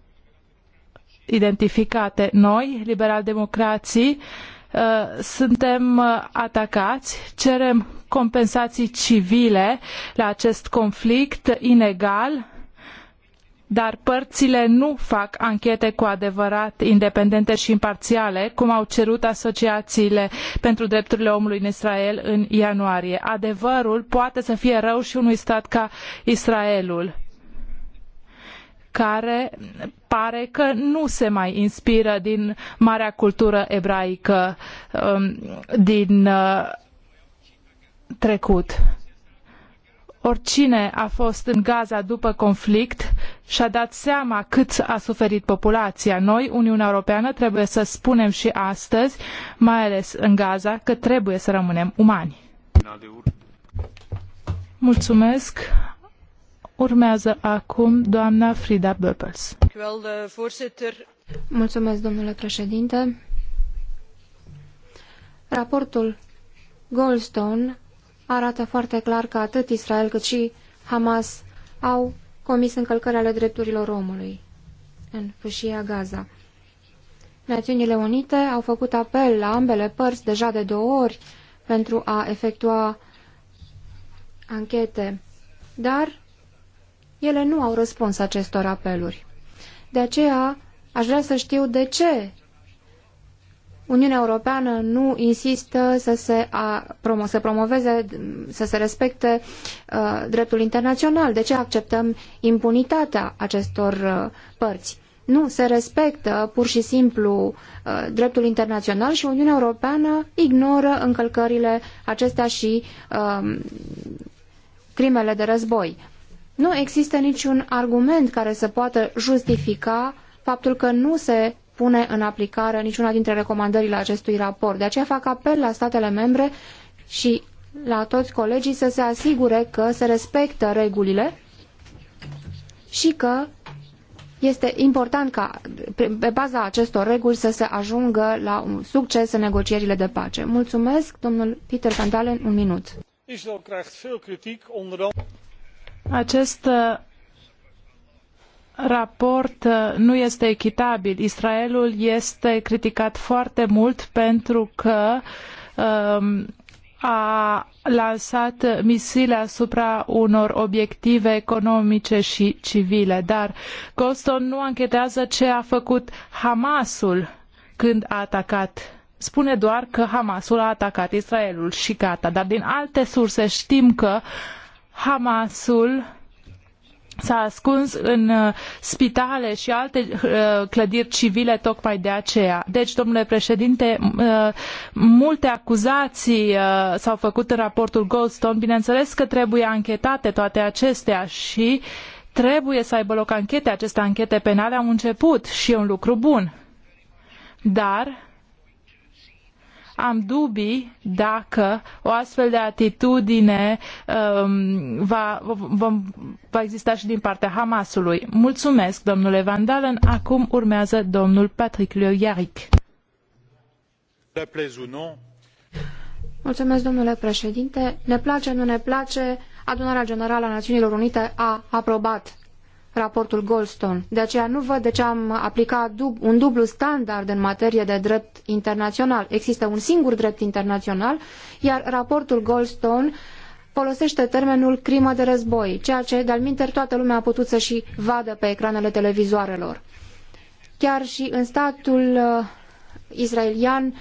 identificate. Noi, liberal-democrații, uh, suntem atacați, cerem compensații civile la acest conflict inegal dar părțile nu fac anchete cu adevărat independente și imparțiale, cum au cerut asociațiile pentru drepturile omului în Israel în ianuarie. Adevărul poate să fie rău și unui stat ca Israelul care pare că nu se mai inspiră din marea cultură ebraică um, din uh, trecut. Oricine a fost în Gaza după conflict și-a dat seama cât a suferit populația. Noi, Uniunea Europeană, trebuie să spunem și astăzi, mai ales în Gaza, că trebuie să rămânem umani. Mulțumesc. Urmează acum doamna Frida Böpels. Mulțumesc, domnule președinte. Raportul Goldstone arată foarte clar că atât Israel cât și Hamas au comis încălcări ale drepturilor omului în fâșia Gaza. Națiunile Unite au făcut apel la ambele părți deja de două ori pentru a efectua anchete, dar ele nu au răspuns acestor apeluri. De aceea aș vrea să știu de ce Uniunea Europeană nu insistă să se, a, promo, să promoveze, să se respecte uh, dreptul internațional. De ce acceptăm impunitatea acestor uh, părți? Nu, se respectă pur și simplu uh, dreptul internațional și Uniunea Europeană ignoră încălcările acestea și uh, crimele de război. Nu există niciun argument care să poată justifica faptul că nu se pune în aplicare niciuna dintre recomandările acestui raport. De aceea fac apel la statele membre și la toți colegii să se asigure că se respectă regulile și că este important ca pe baza acestor reguli să se ajungă la un succes în negocierile de pace. Mulțumesc, domnul Peter Van un minut. Acest raport uh, nu este echitabil. Israelul este criticat foarte mult pentru că um, a lansat misile asupra unor obiective economice și civile, dar Goldstone nu anchetează ce a făcut Hamasul când a atacat. Spune doar că Hamasul a atacat Israelul și gata, dar din alte surse știm că Hamasul s-a ascuns în uh, spitale și alte uh, clădiri civile tocmai de aceea. Deci, domnule președinte, uh, multe acuzații s-au făcut în raportul Goldstone. Bineînțeles că trebuie anchetate toate acestea și trebuie să aibă loc anchete. Aceste anchete penale au început și e un lucru bun. Dar am dubii dacă o astfel de atitudine um, va, va, va exista și din partea Hamasului. Mulțumesc, domnule Van Dalen. Acum urmează domnul Patrick Leoiaric. Mulțumesc, domnule președinte. Ne place, nu ne place, adunarea generală a Națiunilor Unite a aprobat raportul Goldstone. De aceea nu văd de ce am aplicat dub, un dublu standard în materie de drept internațional. Există un singur drept internațional, iar raportul Goldstone folosește termenul crimă de război, ceea ce, de-al toată lumea a putut să și vadă pe ecranele televizoarelor. Chiar și în statul uh, israelian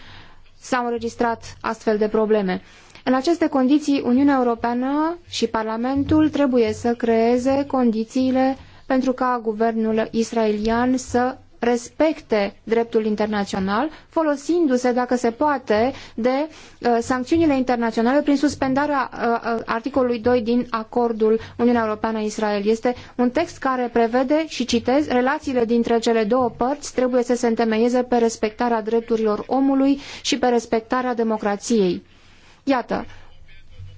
s-au înregistrat astfel de probleme. În aceste condiții, Uniunea Europeană și Parlamentul trebuie să creeze condițiile pentru ca guvernul israelian să respecte dreptul internațional, folosindu-se, dacă se poate, de uh, sancțiunile internaționale prin suspendarea uh, uh articolului 2 din acordul Uniunea Europeană-Israel. Este un text care prevede, și citez, relațiile dintre cele două părți trebuie să se întemeieze pe respectarea drepturilor omului și pe respectarea democrației. Iată,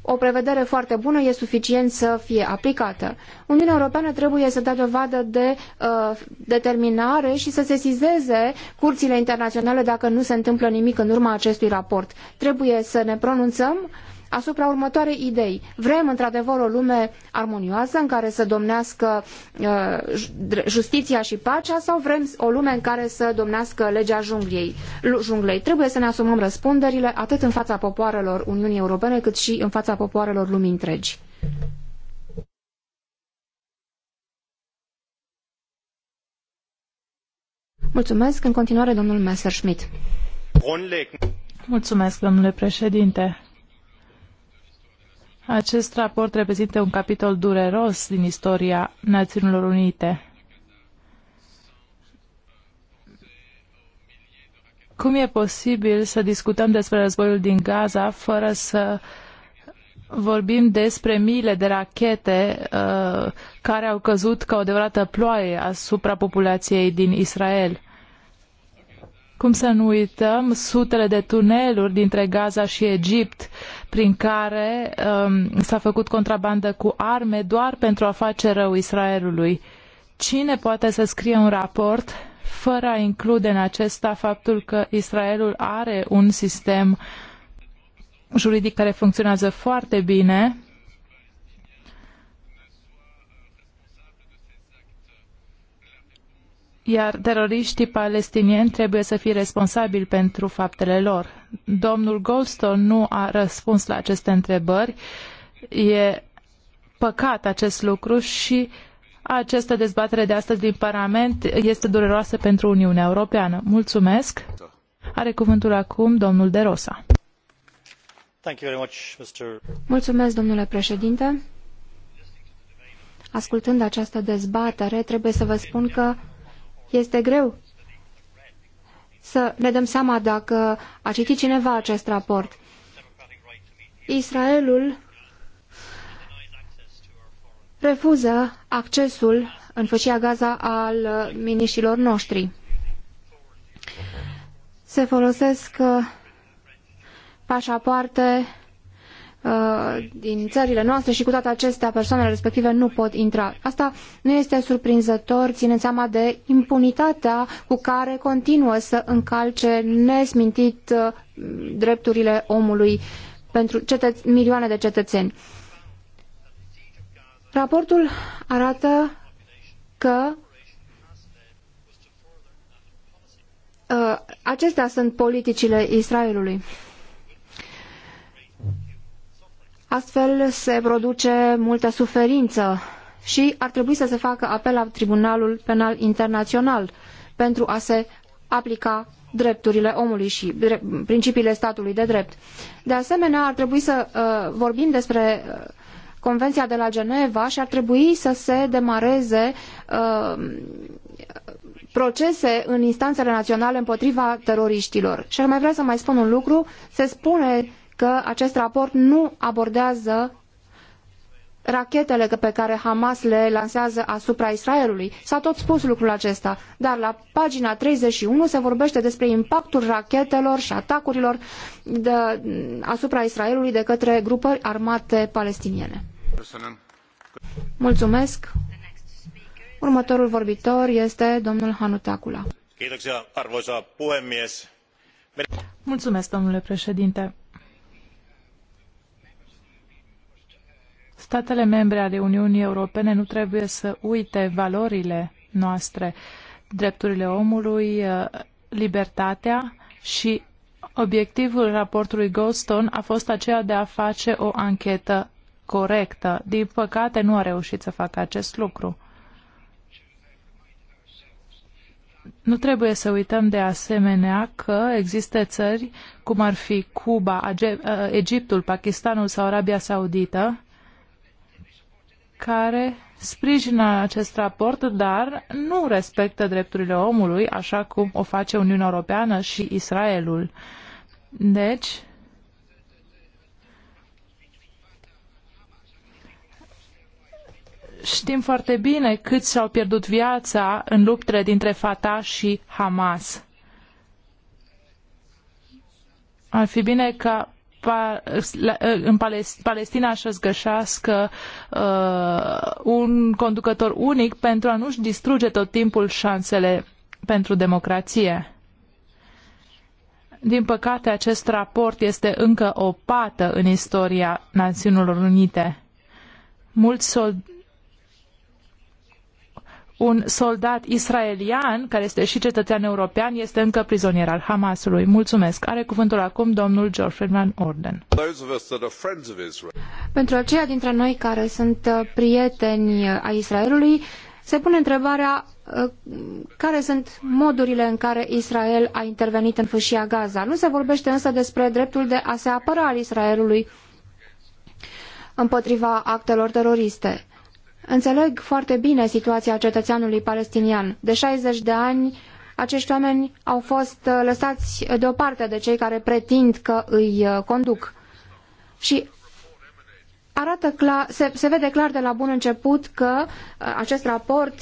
o prevedere foarte bună, e suficient să fie aplicată. Uniunea Europeană trebuie să dea dovadă de uh, determinare și să sesizeze curțile internaționale dacă nu se întâmplă nimic în urma acestui raport. Trebuie să ne pronunțăm asupra următoarei idei. Vrem într-adevăr o lume armonioasă în care să domnească uh, justiția și pacea sau vrem o lume în care să domnească legea junglei. junglei? Trebuie să ne asumăm răspunderile atât în fața popoarelor Uniunii Europene cât și în fața popoarelor lumii întregi. Mulțumesc. În continuare, domnul Messerschmidt. Mulțumesc, domnule președinte. Acest raport reprezintă un capitol dureros din istoria Națiunilor Unite. Cum e posibil să discutăm despre războiul din Gaza fără să vorbim despre miile de rachete uh, care au căzut ca o adevărată ploaie asupra populației din Israel? Cum să nu uităm sutele de tuneluri dintre Gaza și Egipt prin care um, s-a făcut contrabandă cu arme doar pentru a face rău Israelului. Cine poate să scrie un raport fără a include în acesta faptul că Israelul are un sistem juridic care funcționează foarte bine iar teroriștii palestinieni trebuie să fie responsabili pentru faptele lor. Domnul Goldstone nu a răspuns la aceste întrebări. E păcat acest lucru și această dezbatere de astăzi din Parlament este dureroasă pentru Uniunea Europeană. Mulțumesc. Are cuvântul acum domnul De Rosa. Mulțumesc, domnule președinte. Ascultând această dezbatere, trebuie să vă spun că este greu să ne dăm seama dacă a citit cineva acest raport. Israelul refuză accesul în fâșia Gaza al miniștilor noștri. Se folosesc pașapoarte Uh, din țările noastre și cu toate acestea persoanele respective nu pot intra. Asta nu este surprinzător, ținând seama de impunitatea cu care continuă să încalce nesmintit uh, drepturile omului pentru milioane de cetățeni. Raportul arată că uh, acestea sunt politicile Israelului. Astfel se produce multă suferință și ar trebui să se facă apel la Tribunalul Penal Internațional pentru a se aplica drepturile omului și principiile statului de drept. De asemenea, ar trebui să uh, vorbim despre uh, Convenția de la Geneva și ar trebui să se demareze uh, procese în instanțele naționale împotriva teroriștilor. Și ar mai vrea să mai spun un lucru. Se spune că acest raport nu abordează rachetele pe care Hamas le lansează asupra Israelului. S-a tot spus lucrul acesta, dar la pagina 31 se vorbește despre impactul rachetelor și atacurilor de, asupra Israelului de către grupări armate palestiniene. Mulțumesc. Următorul vorbitor este domnul Hanutakula. Mulțumesc, domnule președinte. Statele membre ale Uniunii Europene nu trebuie să uite valorile noastre, drepturile omului, uh, libertatea și obiectivul raportului Goldstone a fost aceea de a face o anchetă corectă. Din păcate, nu a reușit să facă acest lucru. Nu trebuie să uităm de asemenea că există țări, cum ar fi Cuba, uh, Egiptul, Pakistanul sau Arabia Saudită, care sprijină acest raport, dar nu respectă drepturile omului, așa cum o face Uniunea Europeană și Israelul. Deci, știm foarte bine cât s au pierdut viața în luptele dintre Fatah și Hamas. Ar fi bine ca Ă, în Palestina să-și găsească ă, un conducător unic pentru a nu-și distruge tot timpul șansele pentru democrație. Din păcate, acest raport este încă o pată în istoria Națiunilor Unite. Mulți soldați un soldat israelian, care este și cetățean european, este încă prizonier al Hamasului. Mulțumesc. Are cuvântul acum domnul Geoffrey Van Orden. Pentru aceia dintre noi care sunt uh, prieteni uh, ai Israelului, se pune întrebarea uh, care sunt modurile în care Israel a intervenit în fâșia Gaza. Nu se vorbește însă despre dreptul de a se apăra al Israelului împotriva actelor teroriste. Înțeleg foarte bine situația cetățeanului palestinian. De 60 de ani, acești oameni au fost uh, lăsați deoparte de cei care pretind că îi uh, conduc. Și arată clar, se, se vede clar de la bun început că uh, acest raport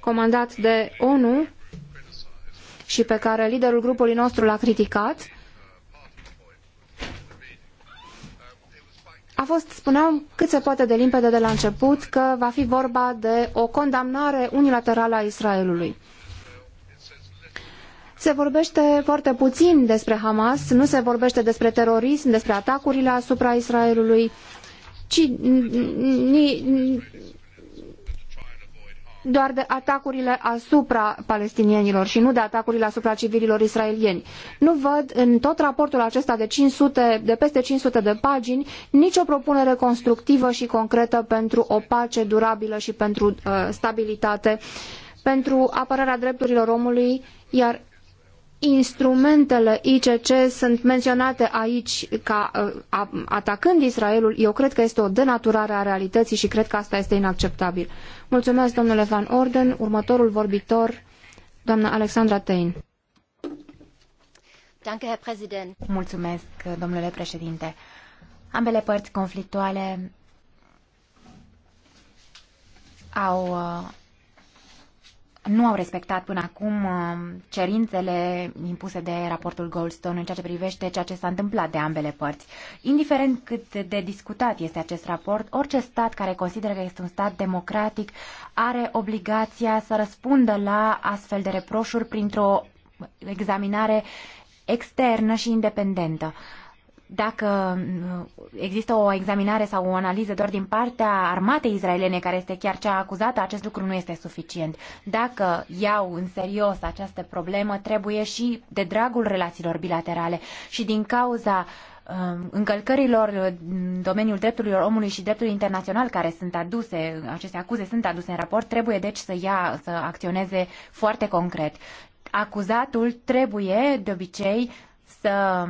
comandat de ONU și pe care liderul grupului nostru l-a criticat, A fost, spuneam, cât se poate de limpede de la început că va fi vorba de o condamnare unilaterală a Israelului. Se vorbește foarte puțin despre Hamas, nu se vorbește despre terorism, despre atacurile asupra Israelului, ci ni, doar de atacurile asupra palestinienilor și nu de atacurile asupra civililor israelieni. Nu văd în tot raportul acesta de, 500, de peste 500 de pagini nicio propunere constructivă și concretă pentru o pace durabilă și pentru uh, stabilitate, pentru apărarea drepturilor omului, iar instrumentele ICC sunt menționate aici ca uh, atacând Israelul, eu cred că este o denaturare a realității și cred că asta este inacceptabil. Mulțumesc, domnule Van Orden. Următorul vorbitor, doamna Alexandra Tein. Mulțumesc, domnule președinte. Ambele părți conflictuale au uh, nu au respectat până acum um, cerințele impuse de raportul Goldstone în ceea ce privește ceea ce s-a întâmplat de ambele părți. Indiferent cât de discutat este acest raport, orice stat care consideră că este un stat democratic are obligația să răspundă la astfel de reproșuri printr-o examinare externă și independentă. Uh, dacă uh, există o examinare sau o analiză doar din partea armatei izraelene, care este chiar cea acuzată, acest lucru nu este suficient. Dacă iau în serios această problemă, trebuie și de dragul relațiilor bilaterale și din cauza um, încălcărilor în domeniul drepturilor omului și dreptului internațional care sunt aduse, aceste acuze sunt aduse în raport, trebuie deci să ia, să acționeze foarte concret. Acuzatul trebuie, de obicei, să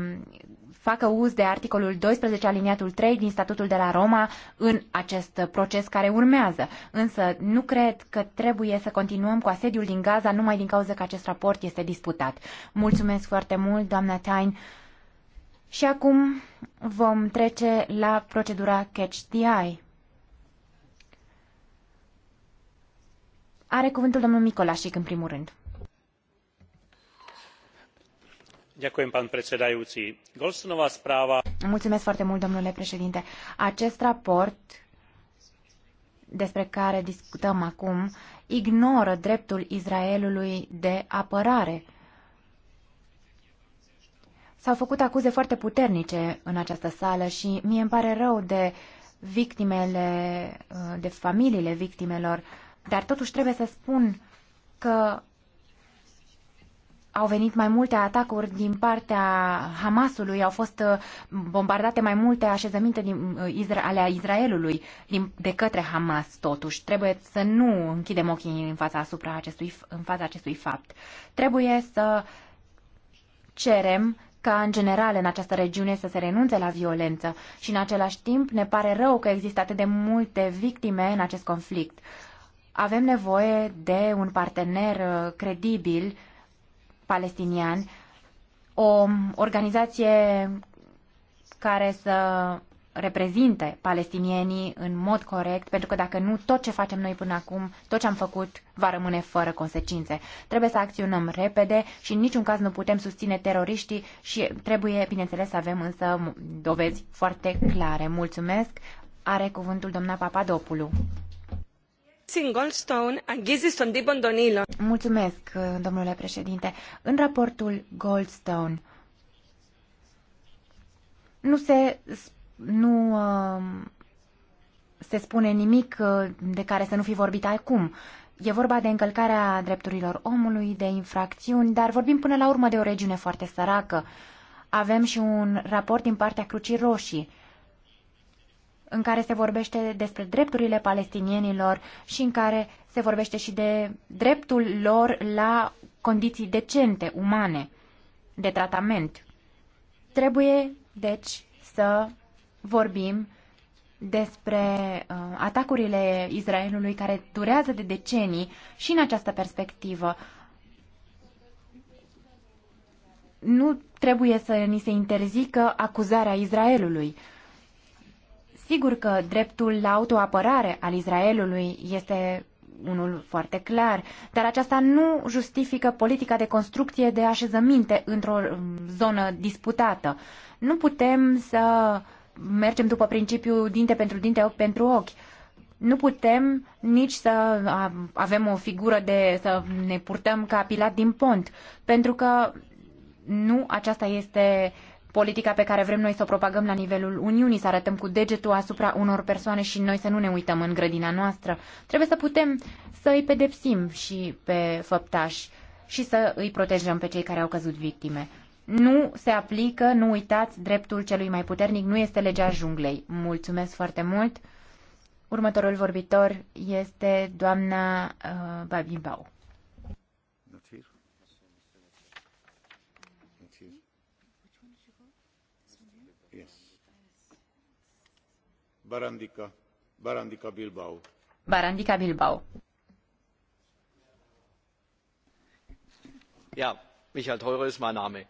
facă uz de articolul 12 aliniatul 3 din statutul de la Roma în acest proces care urmează. Însă nu cred că trebuie să continuăm cu asediul din Gaza numai din cauza că acest raport este disputat. Mulțumesc foarte mult, doamna Tain. Și acum vom trece la procedura Catch the Eye. Are cuvântul domnul Micolașic în primul rând. Mulțumesc foarte mult, domnule președinte. Acest raport despre care discutăm acum ignoră dreptul Israelului de apărare. S-au făcut acuze foarte puternice în această sală și mie îmi pare rău de victimele, de familiile victimelor, dar totuși trebuie să spun că au venit mai multe atacuri din partea Hamasului, au fost uh, bombardate mai multe așezăminte din, uh, ale Israelului din, de către Hamas, totuși. Trebuie să nu închidem ochii în fața, asupra acestui, în fața acestui fapt. Trebuie să cerem ca în general în această regiune să se renunțe la violență și în același timp ne pare rău că există atât de multe victime în acest conflict. Avem nevoie de un partener uh, credibil palestinian, o organizație care să reprezinte palestinienii în mod corect, pentru că dacă nu, tot ce facem noi până acum, tot ce am făcut, va rămâne fără consecințe. Trebuie să acționăm repede și în niciun caz nu putem susține teroriștii și trebuie, bineînțeles, să avem însă dovezi foarte clare. Mulțumesc! Are cuvântul doamna Papadopoulou. Goldstone Mulțumesc, domnule președinte. În raportul Goldstone nu se nu um, se spune nimic uh, de care să nu fi vorbit acum. E vorba de încălcarea drepturilor omului, de infracțiuni, dar vorbim până la urmă de o regiune foarte săracă. Avem și un raport din partea Crucii Roșii în care se vorbește despre drepturile palestinienilor și în care se vorbește și de dreptul lor la condiții decente, umane, de tratament. Trebuie, deci, să vorbim despre uh, atacurile Israelului care durează de decenii și în această perspectivă. Nu trebuie să ni se interzică acuzarea Israelului. Uh, Sigur că dreptul la autoapărare al Israelului este unul foarte clar, dar aceasta nu justifică politica de construcție de așezăminte într-o um, zonă disputată. Nu putem să mergem după principiul dinte pentru dinte, ochi pentru ochi. Nu putem nici să avem o figură de să ne purtăm ca Pilat din pont, pentru că nu aceasta este uh, politica pe care vrem noi să o propagăm la nivelul Uniunii, să arătăm cu degetul asupra unor persoane și noi să nu ne uităm în grădina noastră. Trebuie să putem să îi pedepsim și pe făptași și să îi protejăm pe cei care au căzut victime. Nu se aplică, nu uitați, dreptul celui mai puternic nu este legea junglei. Mulțumesc foarte mult! Următorul vorbitor este doamna uh, Babimbau. Barandica, Barandica Bilbao. Barandica Bilbao. Ja, Michael Teurer ist mein Name.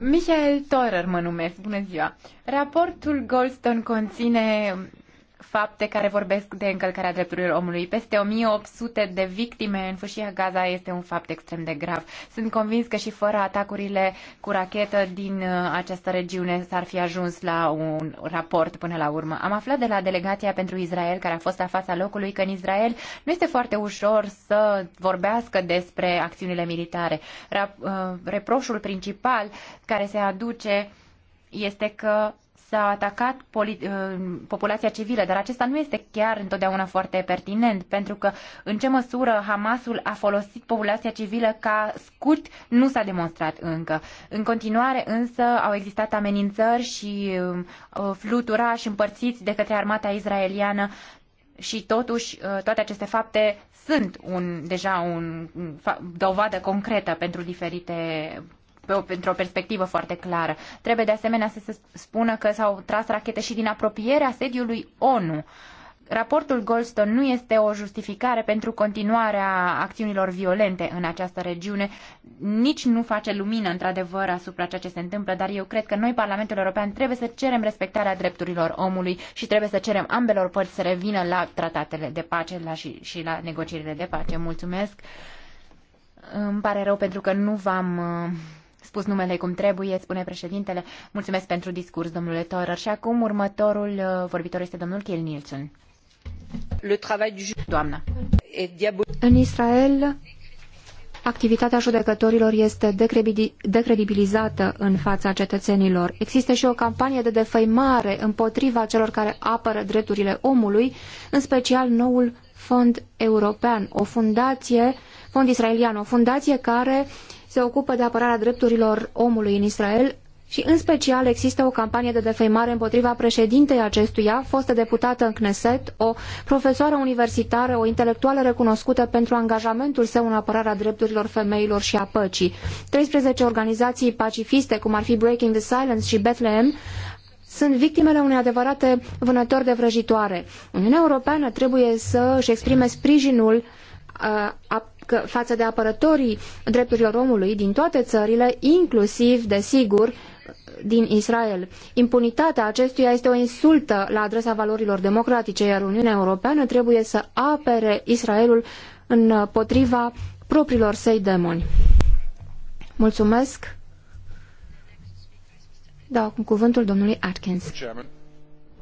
Michael Teurer mă numesc, bună ziua. Raportul Goldstone conține fapte care vorbesc de încălcarea drepturilor omului. Peste 1800 de victime în fâșia Gaza este un fapt extrem de grav. Sunt convins că și fără atacurile cu rachetă din uh, această regiune s-ar fi ajuns la un raport până la urmă. Am aflat de la delegația pentru Israel care a fost la fața locului că în Israel nu este foarte ușor să vorbească despre acțiunile militare. Uh, reproșul principal care se aduce este că s-a atacat uh, populația civilă, dar acesta nu este chiar întotdeauna foarte pertinent, pentru că în ce măsură Hamasul a folosit populația civilă ca scut nu s-a demonstrat încă. În continuare însă au existat amenințări și um, uh, fluturași împărțiți de către armata izraeliană și totuși uh, toate aceste fapte sunt un, deja un, un dovadă concretă pentru diferite pe o, într-o perspectivă foarte clară. Trebuie de asemenea să se spună că s-au tras rachete și din apropierea sediului ONU. Raportul Goldstone nu este o justificare pentru continuarea acțiunilor violente în această regiune, nici nu face lumină într-adevăr asupra ceea ce se întâmplă, dar eu cred că noi, Parlamentul European, trebuie să cerem respectarea drepturilor omului și trebuie să cerem ambelor părți să revină la tratatele de pace la și, și la negocierile de pace. Mulțumesc! Îmi pare rău pentru că nu v-am uh, spus numele cum trebuie, spune președintele. Mulțumesc pentru discurs, domnule Torer. Și acum următorul uh, vorbitor este domnul Kiel Nielsen. Doamna. În Israel, activitatea judecătorilor este decredibilizată în fața cetățenilor. Există și o campanie de defăimare împotriva celor care apără drepturile omului, în special noul fond european, o fundație, fond israelian, o fundație care uh, se ocupă de apărarea drepturilor omului în Israel și în special există o campanie de defăimare împotriva președintei acestuia, fostă deputată în Knesset, o profesoară universitară, o intelectuală recunoscută pentru angajamentul său în apărarea drepturilor femeilor și a păcii. 13 organizații pacifiste, cum ar fi Breaking the Silence și Bethlehem, sunt victimele unei adevărate vânători de vrăjitoare. Uniunea Europeană trebuie să își exprime sprijinul uh, a că față de apărătorii drepturilor omului din toate țările, inclusiv, desigur, din Israel. Impunitatea acestuia este o insultă la adresa valorilor democratice, iar Uniunea Europeană trebuie să apere Israelul împotriva propriilor săi demoni. Mulțumesc. Da, cu cuvântul domnului Atkins.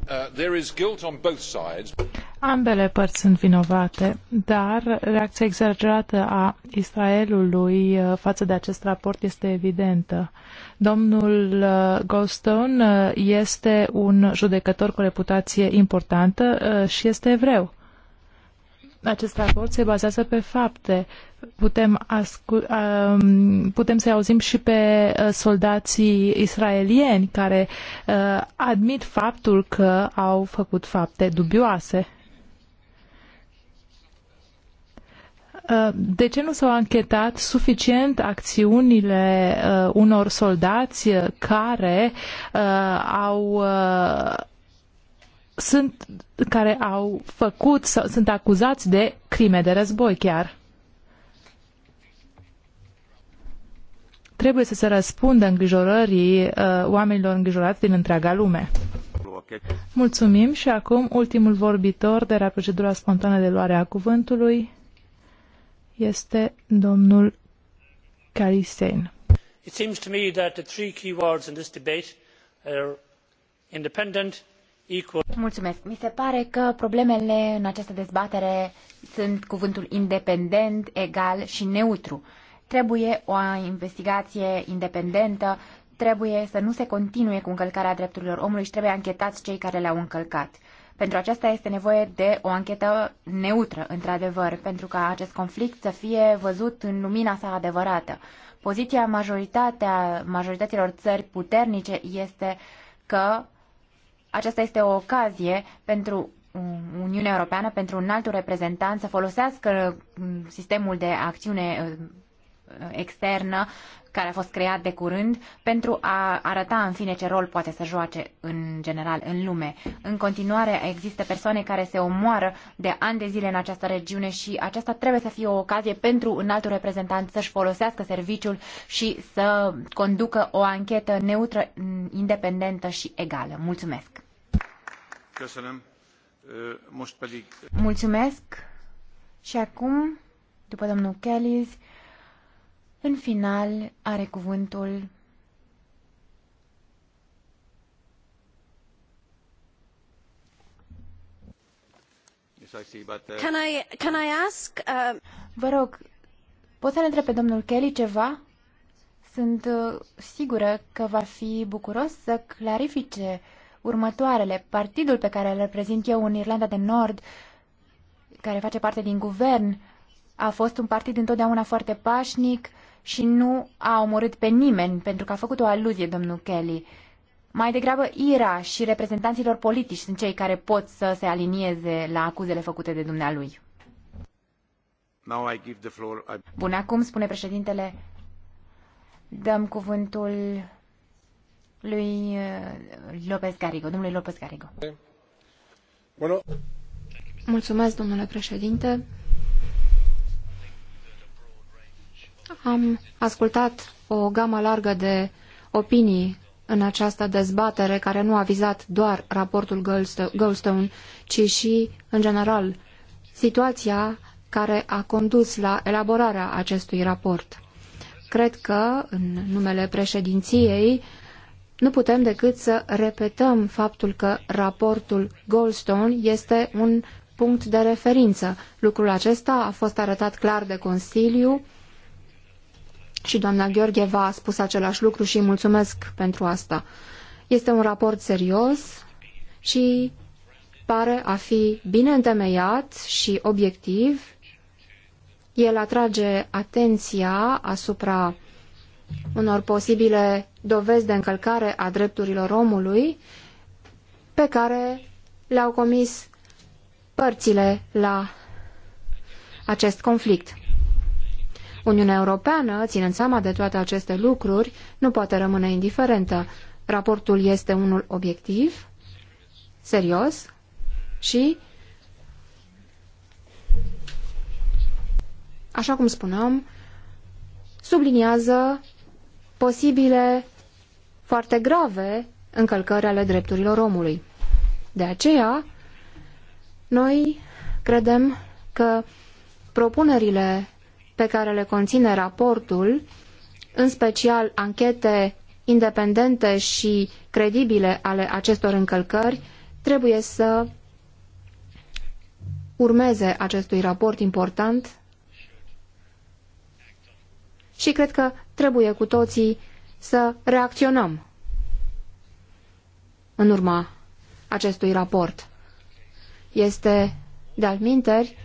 Uh, Ambele părți sunt vinovate, dar reacția exagerată a Israelului uh, față de acest raport este evidentă. Domnul uh, Goldstone este un judecător cu reputație importantă și este evreu. Acest raport se bazează pe fapte putem, putem să-i auzim și pe uh, soldații israelieni care uh, admit faptul că au făcut fapte dubioase. Uh, de ce nu s-au anchetat suficient acțiunile unor soldați care au sunt care au făcut sau sunt acuzați de crime de război chiar? trebuie să se răspundă îngrijorării uh, oamenilor îngrijorați din întreaga lume. Mulțumim și acum ultimul vorbitor de la procedura spontană de luare a cuvântului este domnul Caristein. It seems to me that the three key words in this debate are independent, equal. Mulțumesc. Mi se pare că problemele în această dezbatere sunt cuvântul independent, egal și neutru. Uh, Trebuie o investigație independentă, trebuie să nu se continue cu încălcarea drepturilor omului și trebuie anchetați cei care le-au încălcat. Pentru aceasta este nevoie de o anchetă neutră, într-adevăr, pentru ca acest conflict să fie văzut în lumina sa adevărată. Poziția majoritatea, majorităților țări puternice este că aceasta este o ocazie pentru Uniunea Europeană, pentru un alt reprezentant să folosească uh, sistemul de acțiune uh, externă care a fost creat de curând pentru a arăta în fine ce rol poate să joace în general în lume. În continuare există persoane care se omoară de ani de zile în această regiune și aceasta trebuie să fie o ocazie pentru un alt reprezentant să-și folosească serviciul și să conducă o anchetă neutră, independentă și egală. Mulțumesc! Mulțumesc! Și acum, după domnul Kellys, în final, are cuvântul uh, Can I, can I ask, uh... Vă rog, pot să-l întreb pe domnul Kelly ceva? Sunt uh, sigură că va fi bucuros să clarifice următoarele. Partidul pe care îl reprezint eu în Irlanda de Nord, care face parte din guvern, a fost un partid întotdeauna foarte pașnic și nu a omorât pe nimeni, pentru că a făcut o aluzie domnul Kelly. Mai degrabă IRA și reprezentanților politici sunt cei care pot să se alinieze la acuzele făcute de dumnealui. Now I give the floor. I... Bun, acum, spune președintele, dăm cuvântul lui uh, López Garrigo, domnului López Garrigo. Mulțumesc, domnule președinte. Am ascultat o gamă largă de opinii în această dezbatere care nu a vizat doar raportul Goldstone, ci și, în general, situația care a condus la elaborarea acestui raport. Cred că, în numele președinției, nu putem decât să repetăm faptul că raportul Goldstone este un punct de referință. Lucrul acesta a fost arătat clar de Consiliu, și doamna Gheorgheva a spus același lucru și îi mulțumesc pentru asta. Este un raport serios și pare a fi bine întemeiat și obiectiv. El atrage atenția asupra unor posibile dovezi de încălcare a drepturilor omului pe care le-au comis părțile la acest conflict. Uniunea Europeană, ținând seama de toate aceste lucruri, nu poate rămâne indiferentă. Raportul este unul obiectiv, serios și, așa cum spuneam, subliniază posibile foarte grave încălcări ale drepturilor omului. De aceea, noi credem că propunerile pe care le conține raportul, în special anchete independente și credibile ale acestor încălcări, trebuie să urmeze acestui raport important și cred că trebuie cu toții să reacționăm în urma acestui raport. Este, de-al minteri,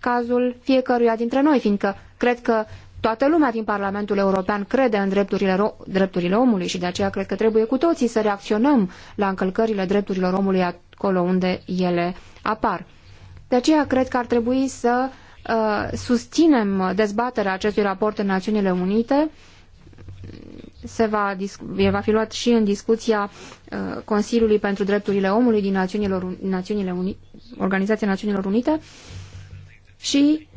cazul fiecăruia dintre noi, fiindcă cred că toată lumea din Parlamentul European crede în drepturile, drepturile omului și de aceea cred că trebuie cu toții să reacționăm la încălcările drepturilor omului acolo unde ele apar. De aceea cred că ar trebui să uh, susținem dezbaterea acestui raport în Națiunile Unite. Se va, va fi luat și în discuția uh, Consiliului pentru Drepturile Omului din Națiunilor, Națiunile Unite, Organizația Națiunilor Unite. Uh, și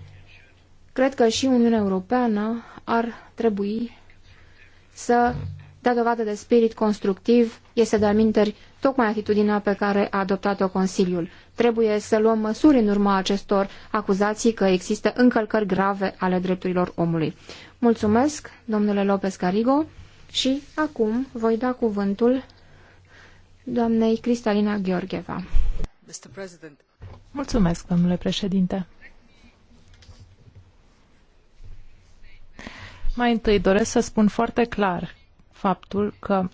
cred că și Uniunea Europeană ar trebui să dea dovadă de spirit constructiv. Este de aminteri tocmai atitudinea pe care a adoptat-o Consiliul. Trebuie să luăm măsuri în urma acestor acuzații că există încălcări grave ale drepturilor omului. Mulțumesc, domnule Lopez Carigo, și acum voi da cuvântul doamnei Cristalina Gheorgheva. Mulțumesc, domnule președinte. Mai întâi doresc să spun foarte clar faptul că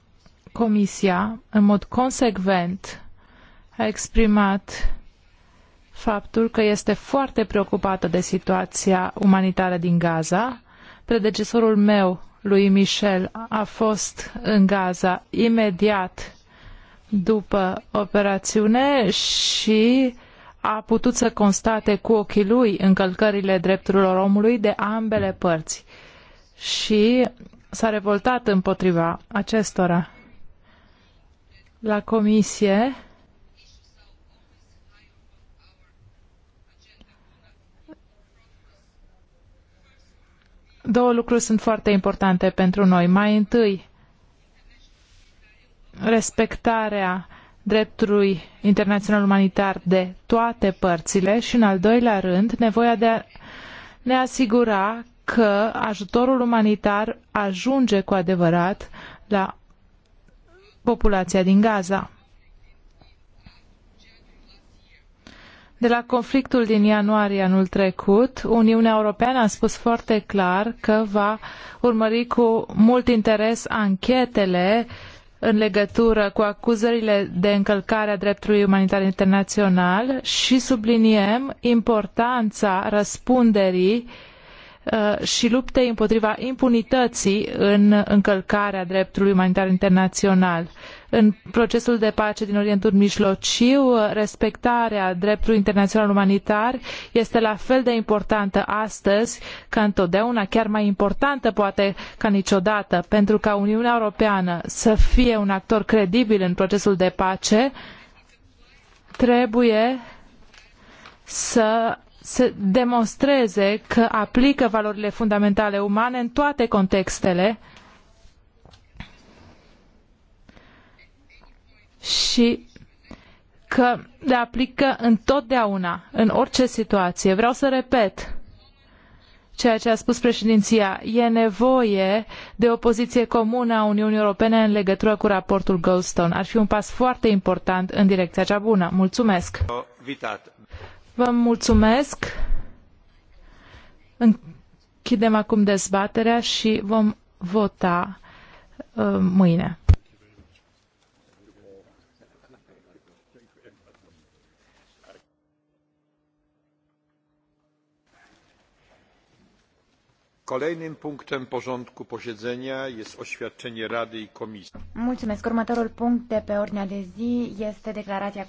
Comisia, în mod consecvent, a exprimat faptul că este foarte preocupată de situația umanitară din Gaza. Predecesorul meu, lui Michel, a fost în Gaza imediat după operațiune și a putut să constate cu ochii lui încălcările drepturilor omului de ambele părți și s-a revoltat împotriva acestora. La comisie două lucruri sunt foarte importante pentru noi. Mai întâi, respectarea dreptului internațional umanitar de toate părțile și, în al doilea rând, nevoia de a ne asigura că ajutorul umanitar ajunge cu adevărat la populația din Gaza. De la conflictul din ianuarie anul trecut, Uniunea Europeană a spus foarte clar că va urmări cu mult interes anchetele în legătură cu acuzările de încălcare a dreptului umanitar internațional și subliniem importanța răspunderii Uh, și luptei împotriva impunității în încălcarea dreptului umanitar internațional. În procesul de pace din Orientul Mijlociu, uh, respectarea dreptului internațional umanitar este la fel de importantă astăzi ca întotdeauna, chiar mai importantă poate ca niciodată, pentru ca Uniunea Europeană să fie un actor credibil în procesul de pace, trebuie să să demonstreze că aplică valorile fundamentale umane în toate contextele și că le aplică întotdeauna, în orice situație. Vreau să repet ceea ce a spus președinția. E nevoie de o poziție comună a Uniunii Europene în legătură cu raportul Goldstone. Ar fi un pas foarte important în direcția cea bună. Mulțumesc! Vă mulțumesc. Închidem acum dezbaterea și vom vota uh, mâine. Kolejnym punktem porządku posiedzenia jest oświadczenie Rady i Komisji. Mulțumesc. Următorul punct de pe ordinea de zi este declarația